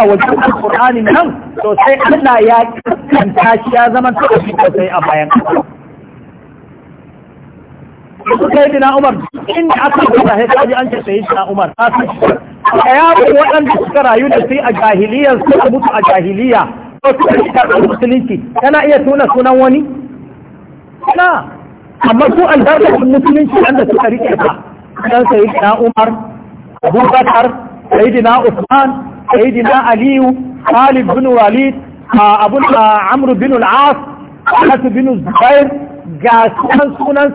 bayan dina Umar inda aka ce ta san waɗanda suka rayu da a jahiliyar a jahiliya suka musulunci iya tuna sunan wani na amma su albarkacin musulunci da suka rike ta dan sai na Umar Abubakar Sayyidina Usman Sayyidina Aliyu Khalid bin Walid Abu Amr bin Al-As Anas bin Zubair ga sunan sunan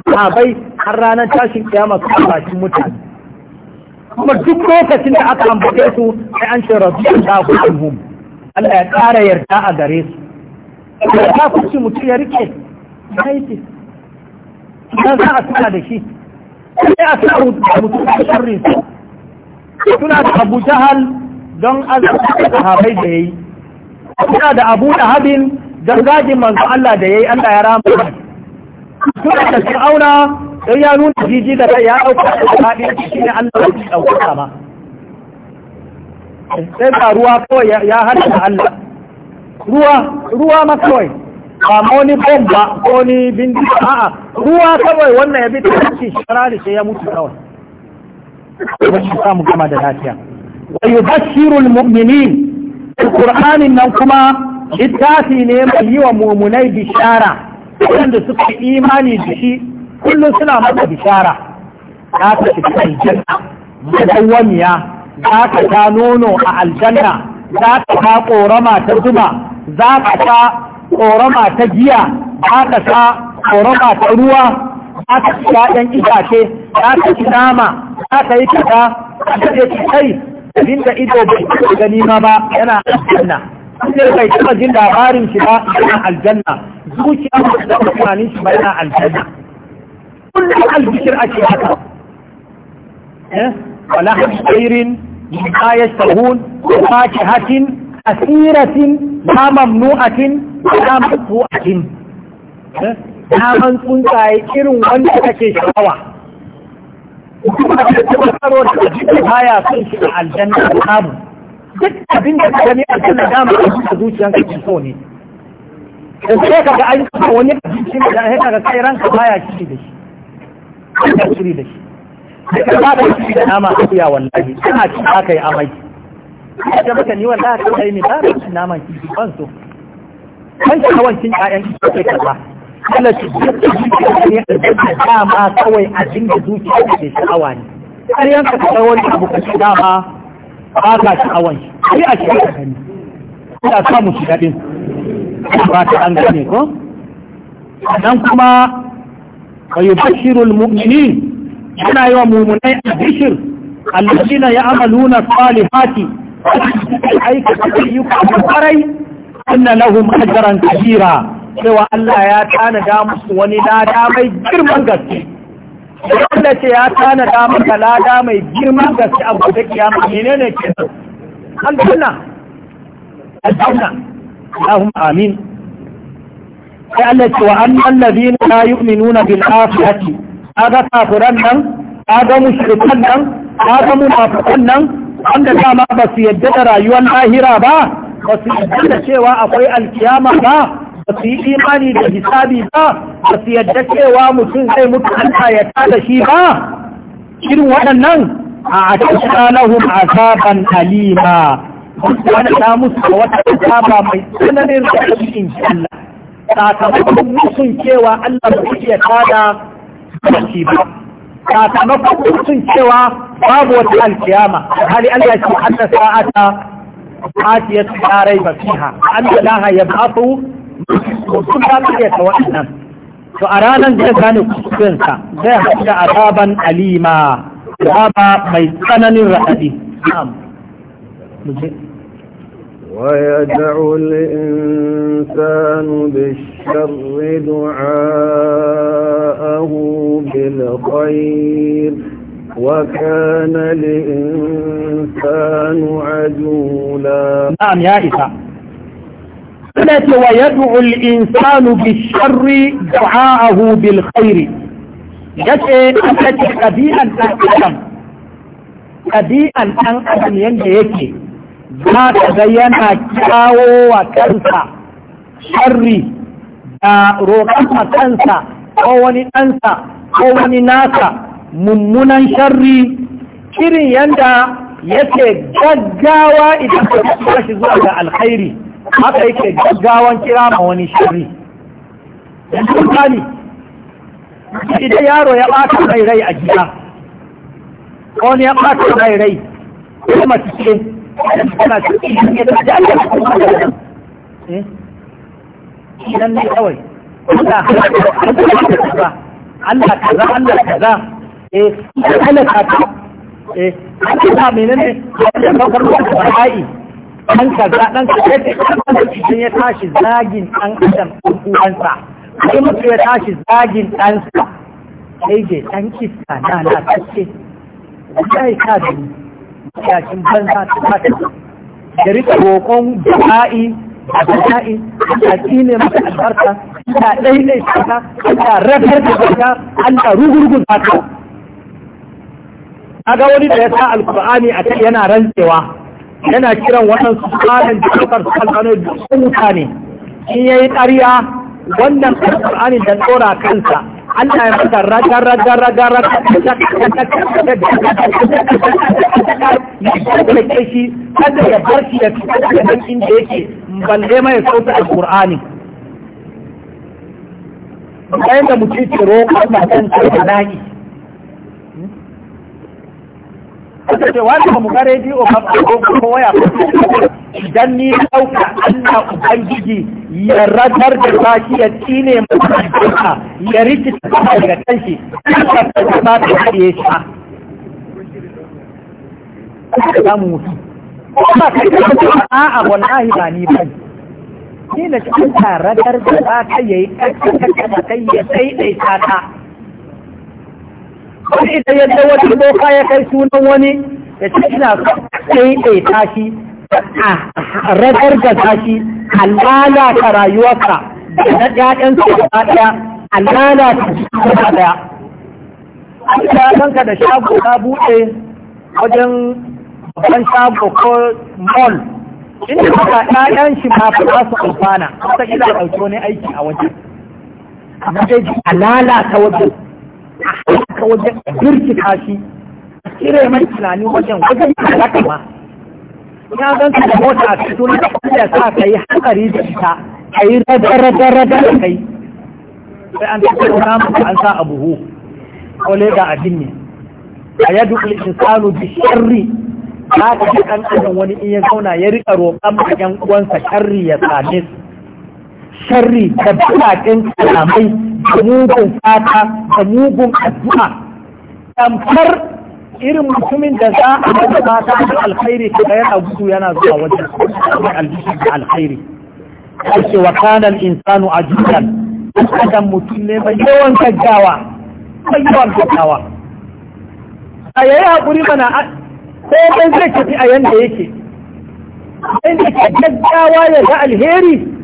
har ranar tashin kiyama su kafashin mutane kuma duk lokacin da aka ambace su sai an ce radiyallahu anhum Allah ya ƙara yarda a gare su. Ya kafin mutum ya rike haifi idan za a da shi sai a sa mutum a sharrin su da abu jahal don azabta sahabai da ya yi da abu da habin don gajin manzo Allah da ya yi Allah ya rama tuna da fir'auna don ya nuna jiji da ya ya ɗauka ba wani bomba ko wani bindiga a'a ruwa kawai wannan ya bi ta hanci shara da ya mutu kawai ba shi samu gama da lafiya wa yubashshirul mu'minin alqur'anin nan kuma littafi ne mai yi wa mumunai bishara wanda suka imani da shi kullum suna masa bishara za ta shiga aljanna madawwamiya za ka ta nono a aljanna za ka ta korama ta zuba za ka ta korama ta giya aka sa korama ta ruwa aka ci ɗan itace aka ci nama aka yi kaza aka je ki kai abin da ido bai taɓa gani ma ba yana aljanna sai bai taɓa jin labarin shi ba yana aljanna zuciya ba ta taɓa tunanin shi ba yana aljanna kullum albishir ake haka eh? wala hasirin min ayat sahun wa hakin. asiratin ba mamnu'atin ba matsu'atin naman tsuntsaye irin wanda kake shawa kuma ka taɓa tsaro da ajiyar baya son shi a aljanna babu duk abin da ka gani aljanna dama a zuciya zuciyan ka so ne da sai ka ga an kafa wani abincin da ya kaga kai ranka baya ciki da shi ka shiri da shi da ka ba da shi da nama akuya wallahi kana cin aka yi amai a maka ni wallahi ka kai ni ba ka ban so ka wancin ƴaƴan kai Allah shi ne ma kawai a dinga zuciya sha'awa ne har yanka ka wani abu ka ba ka sai a shiga ka gani ina sa mu shiga din ba ta an gane ko sannan kuma wa yubashiru almu'minin yana yi wa mumunai albishir allazina aikata ayyuka da kwarai inna lahum ajran kabira cewa Allah ya tanada musu wani lada mai girman gaske wanda ce ya tanada maka lada mai girman gaske a gobe kiyama menene ke aljanna aljanna Allahumma amin sai Allah ce wa annal ladina la yu'minuna bil akhirati aga kafiran nan aga mushrikan nan aga munafiqan nan wanda dama ba su yadda da rayuwar lahira ba ba su yadda da cewa akwai alkiyama ba ba su yi imani da hisabi ba ba su yadda cewa mutum zai mutu Allah ya tada shi ba irin waɗannan a cikin lahum azaban alima wani ta a wata azaba mai tsananin rashi in Allah sakamakon mutum cewa Allah ba iya tada da shi ba sakamakon mutum cewa babu wata alkiyama hali Allah ya ce anna sa'ata atiyat la raiba fiha anna laha yab'athu mutum ya kare ta wannan to a ranar zai gane kuskuren zai haɗa azaban alima azaba mai tsananin raɗaɗi ويدعو الإنسان بالشر دعاءه بالخير وكان الإنسان عجولا نعم يا إسا ويدعو الإنسان بالشر دعاءه بالخير يجب أن ce ɗabi'an ɗan adam ينجي ɗan za ka ga yana kyawo wa kansa sharri da roƙon kansa ko wani ɗansa ko wani nasa mummunan sharri kirin yanda yake gaggawa idan ka kuma shi zuwa ga alkhairi haka yake gaggawan kira ma wani sharri yanzu kani idan yaro ya ɓata mai rai a gida ko ne ya ɓata mai rai ko mace kana cikin kuma da eh? idan ne kawai Allah kaza Allah kaza eh Allah kaza eh an ta menene da kafar ra'ayi an kaza dan kaza idan ya tashi zagin dan adam dan uwansa sai mutum ya tashi zagin ɗansa sai je ɗan kista na na kace ya ka yakin banza ta fata da rika roƙon jima'i a ba'i a ne maka albarka ta ɗaiɗai ta ta rafar da ta rugurgun fata a ga wani da ya sa alkur'ani a kai yana rantsewa yana kiran waɗansu tsarin da suka kalmano da mutane in yayi ƙarya wannan alkur'ani da tsora kansa Allah ya maka raga raga raga raga ya kada ya bar shi ya fita daga inda yake balle mai sauta alqur'ani bayan da mutum ke roƙon matan sai da nayi suka ce wani ba mu ga rediyo ba ko waya idan ni ɗauka Allah Ubangiji ya radar da baki ya tsine masa ya rikita ta daga kanshi ta ta ba ta kare shi ka samu mutum ko ba ka ce a'a wallahi ba ni ba ni na ci ta taradar da ba ka yayi kakka kakka da ya sai dai ta wani ita yadda wata boka ya kai sunan wani da ce ina ɗaiɗai tashi a ragar da tashi a lalata rayuwarka da na ɗaɗen su gaba ɗaya a lalata su gaba ɗaya an ta kanka da shago ka buɗe wajen babban shago ko mall inda suka ɗayan shi ma ba su amfana wata ila ɗauki wani aiki a wajen amma dai a lalata wajen a haka wajen birkita shi cire mai tunani wajen wajen halaka ma ya gan da mota a cikin da kuma sa ka yi hankali da ita ka yi rada rada da kai sai an tafi na mutu an sa abuhu Kole da a jinni a yadu insanu bi sharri za ka ji ɗan wani in ya zauna ya riƙa roƙon ma 'yan uwansa sharri ya same su sharri da baƙaƙen kalamai da mugun fata da mugun addu'a tamfar irin mutumin da za a mata fata da alkhairi kuma yana gudu yana zuwa wajen da albishi da alkhairi ake wa kanan insanu a jikan adam mutum ne mai yawan gaggawa mai yawan gaggawa a yayi haƙuri mana ban zai tafi a yanda yake inda ke gaggawa ya ga alheri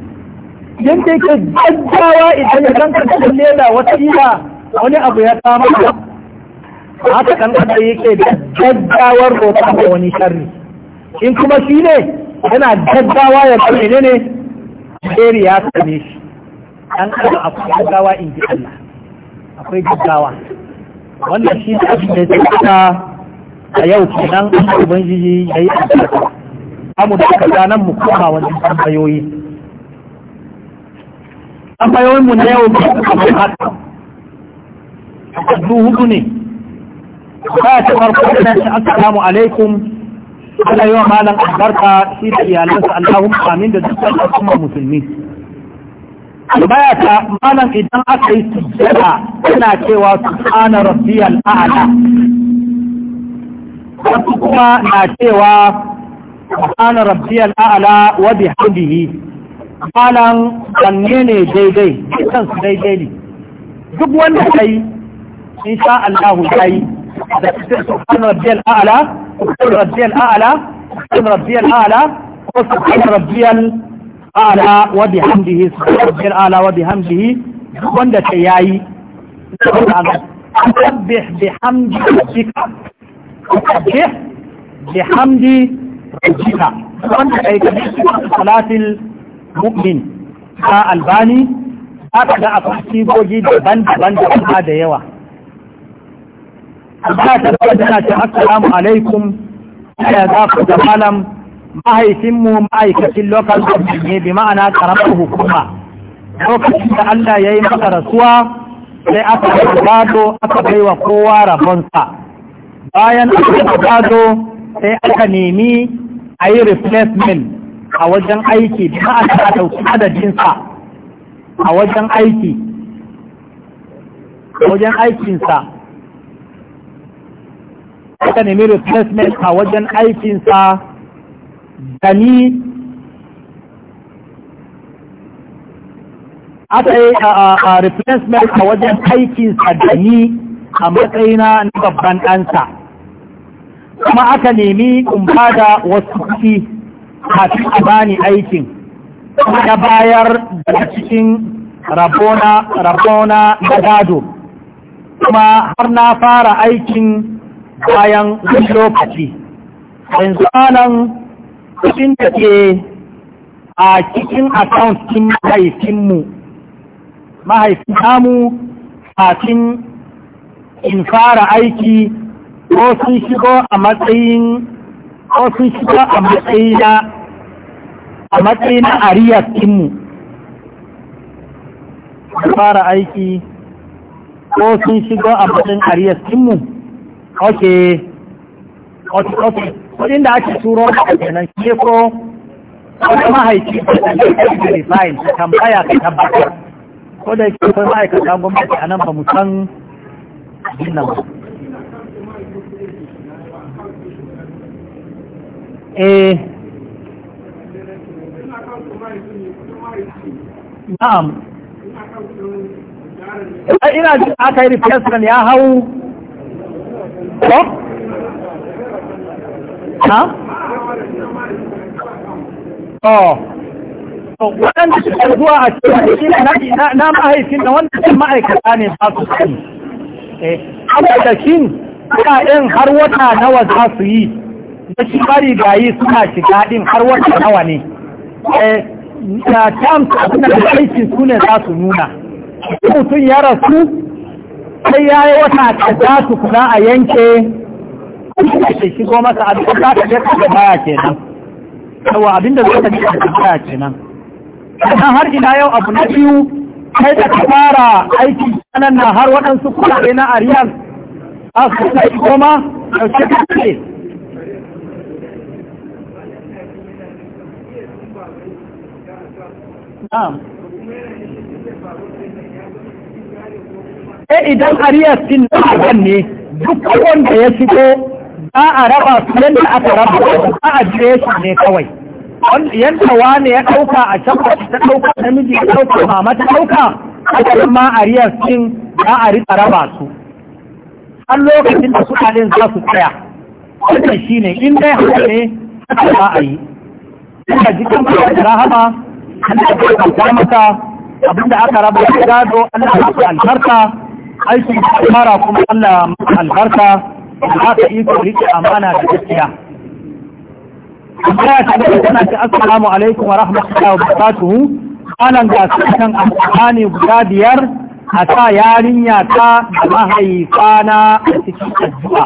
yadda yake jajjawa idan ya zanka cikin leda wata ila wani abu ya kama a haka kan kada yake da jajjawar roƙa da wani sharri in kuma shi ne yana jajjawa ya ne menene sheri ya same shi dan kada akwai jajjawa in ji Allah akwai jajjawa wannan shi ne abin da ya tsaka a yau kenan ubangiji yayi albarka amu da kaza nan mu koma wajen tambayoyi abayoyin mu na yau kamar haka takaddu hudu ne ba ta farko da shi assalamu alaikum Allah wa malam albarka shi da iyalansa Allahumma amin da dukkan kuma musulmi baya ta malam idan aka yi sujjada ina cewa su subhana rabbiyal a'la wasu kuma na cewa su subhana rabbiyal a'la wa bihamdihi malan danne ne daidai kansu daidai ne duk wanda ka yi insha Allah ka yi da subhanu rabbiyal a'la subhanu rabbiyal a'la subhanu rabbiyal a'la ko subhanu rabbiyal a'la wa bihamdihi subhanu rabbiyal a'la wa bihamdihi duk wanda ka yayi sabbih bihamdi rabbika sabbih bihamdi rabbika wanda kai ka bi salatil mu'min ta albani aka da a fasigogi daban-daban da kuma da yawa ta tabbata tana ce assalamu alaikum ya za ku da malam mahaifinmu ma'aikacin local government ne bi ma'ana karamar hukuma lokacin da Allah ya yi maka rasuwa sai aka yi gado aka kai wa kowa rabonsa bayan aka gado sai aka nemi a yi replacement a wajen aiki ba a ta ɗauki adadinsa a wajen aiki wajen aikinsa aka nemi replacement a wajen aikinsa da ni aka yi a replacement a wajen aikinsa da ni a matsayina na babban ɗansa kuma aka nemi in bada wasu kuɗi kafin a bani aikin kuma na bayar daga cikin rabona rabona na gado kuma har na fara aikin bayan wani lokaci yanzu anan kudin da ke a cikin account ɗin mahaifinmu mahaifin namu kafin in fara aiki ko sun shigo a matsayin ko sun shiga a matsayina a matsayina a riyas ɗinmu su fara aiki ko sun shiga a matsayin a riyas ɗinmu ok ok ok kudin da ake turo a kenan ke ko wani mahaifi da refine ta tambaya ka tabbatar ko da ke kai ma'aikata gwamnati a nan ba mu san jinnan ba eh na'am ina ji aka yi replacement ya hau ko? ha? oh waɗanda suke zuwa a cikin na mahaifin da wanda sun ma'aikata ne ba su sani eh abu da har wata nawa za su yi da shi bari gayi suna shiga din har wata nawa ne eh, na terms abinda da aikin su ne za su nuna mutum ya rasu sai ya yi wata kaza su kula a yanke ke shigo masa abin da za ka je ka baya kenan yawa abin da za ka je ka baya kenan sannan har ina yau abu na biyu kai da ka fara aiki sanan na har waɗansu kuɗaɗe na ariyar a su kai goma shi ka ce A eh idan ariyas din na ne duk wanda ya shigo ba a raba su yadda aka raba ba a jire shi ne kawai yadda wani ya ɗauka a can ta ɗauka namiji ya ɗauka mama ta ɗauka aka ma ariyas sin ba a rika raba su har lokacin da kuɗaɗen za su tsaya wannan shine in dai haka ne ba a yi ina jikin ba rahama Allah ya kwanta maka abinda aka raba ya gado Allah ya maka albarka aikin mara kuma Allah ya maka albarka da haka iko rike amana da gaskiya Allah ta ga tana ta assalamu alaikum wa rahmatullahi wa barakatuh anan ga sunan alƙur'ani guda biyar a ta yarinya ta da mahaifa na a cikin addu'a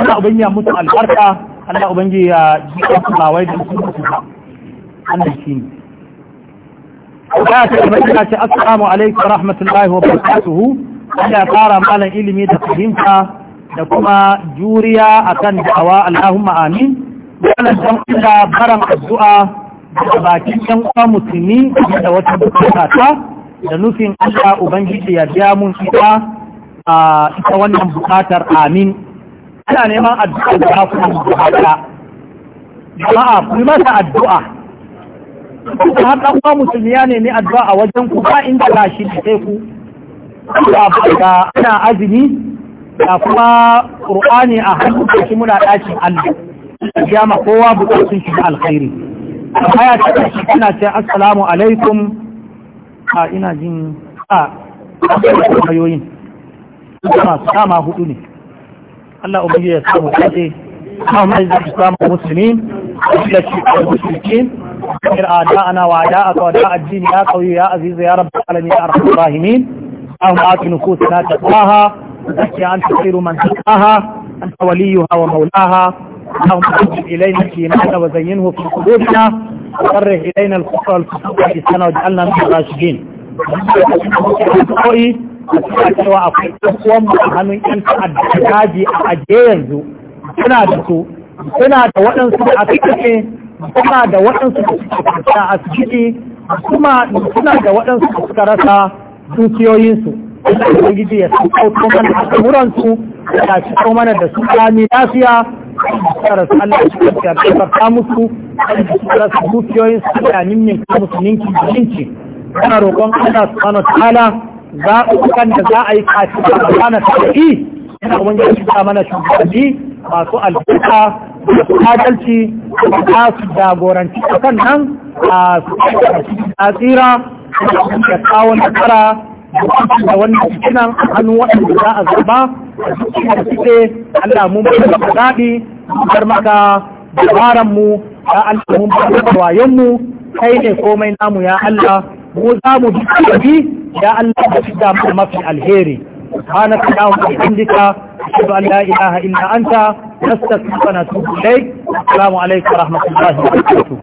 Allah ubangiya musu albarka Allah ubangiya ji ba wai da su ba Allah shi ne ba ta ce assalamu alaikum rahmatullahi wa barakatuhu ina ƙara malam ilimi da fahimta da kuma juriya akan da'awa Allahumma amin wannan dan Allah baran addu'a da bakin ɗan uwa musulmi da wata bukata ta da nufin Allah ubangiji ya biya mun ita a ita wannan bukatar amin ana neman addu'a da kuma bukata jama'a ku masa addu'a kuka har ɗan uwa musulmi ya nemi addu'a a wajen ku ba inda ba shi da sai ku da ana azumi da kuma qur'ani a hannu da shi muna ɗakin Allah ya ma kowa bukatun shi da alkhairi amma ya ta shi kana ce assalamu alaikum a ina jin a hanyoyin masu kama hudu ne Allah ubangiji ya samu kace Allahumma izza su islam musulmi, muslimin wa ila وكفر آداءنا وأعداءك وأعداء الدين يا قوي يا عزيز يا رب العالمين يا أرحم الراحمين اللهم آت نفوسنا تقواها وزكي أنت خير من تقواها أنت وليها ومولاها اللهم حبب إلينا الإيمان وزينه في قلوبنا وكره إلينا الكفر والفسوق والإسلام واجعلنا من الراشدين cewa akwai ɗan a hannun ƴan ta'adda daji a ajiye yanzu suna da su suna da waɗansu da aka kashe kuma da waɗansu da suka a ciki kuma suna da waɗansu da suka rasa dukiyoyinsu da ubangiji ya san kauto mana a wuransu da shi kau mana da su kami lafiya da rasa Allah shi kwanciyar kafarta musu da suka rasa dukiyoyinsu da nimmin musu ninki da ninki Kana roƙon Allah subhanahu ta'ala za a da za a yi kafin da ta yi yana ubangiji ya mana shugabanni masu alfuka masu adalci da su jagoranci a kan nan a su a tsira da kawo nasara da wannan cikinan hannu waɗanda za a zaba a cikin da suke Allah mun da daɗi har maka dabaran mu ya Allah mun da wayon mu kai ne komai namu ya Allah mu za mu bi ya Allah da shi da mafi alheri subhanaka allahumma wa bihamdika أشهد أن لا إله إلا أنت نستثنى ونتوب إليك السلام عليكم ورحمة الله وبركاته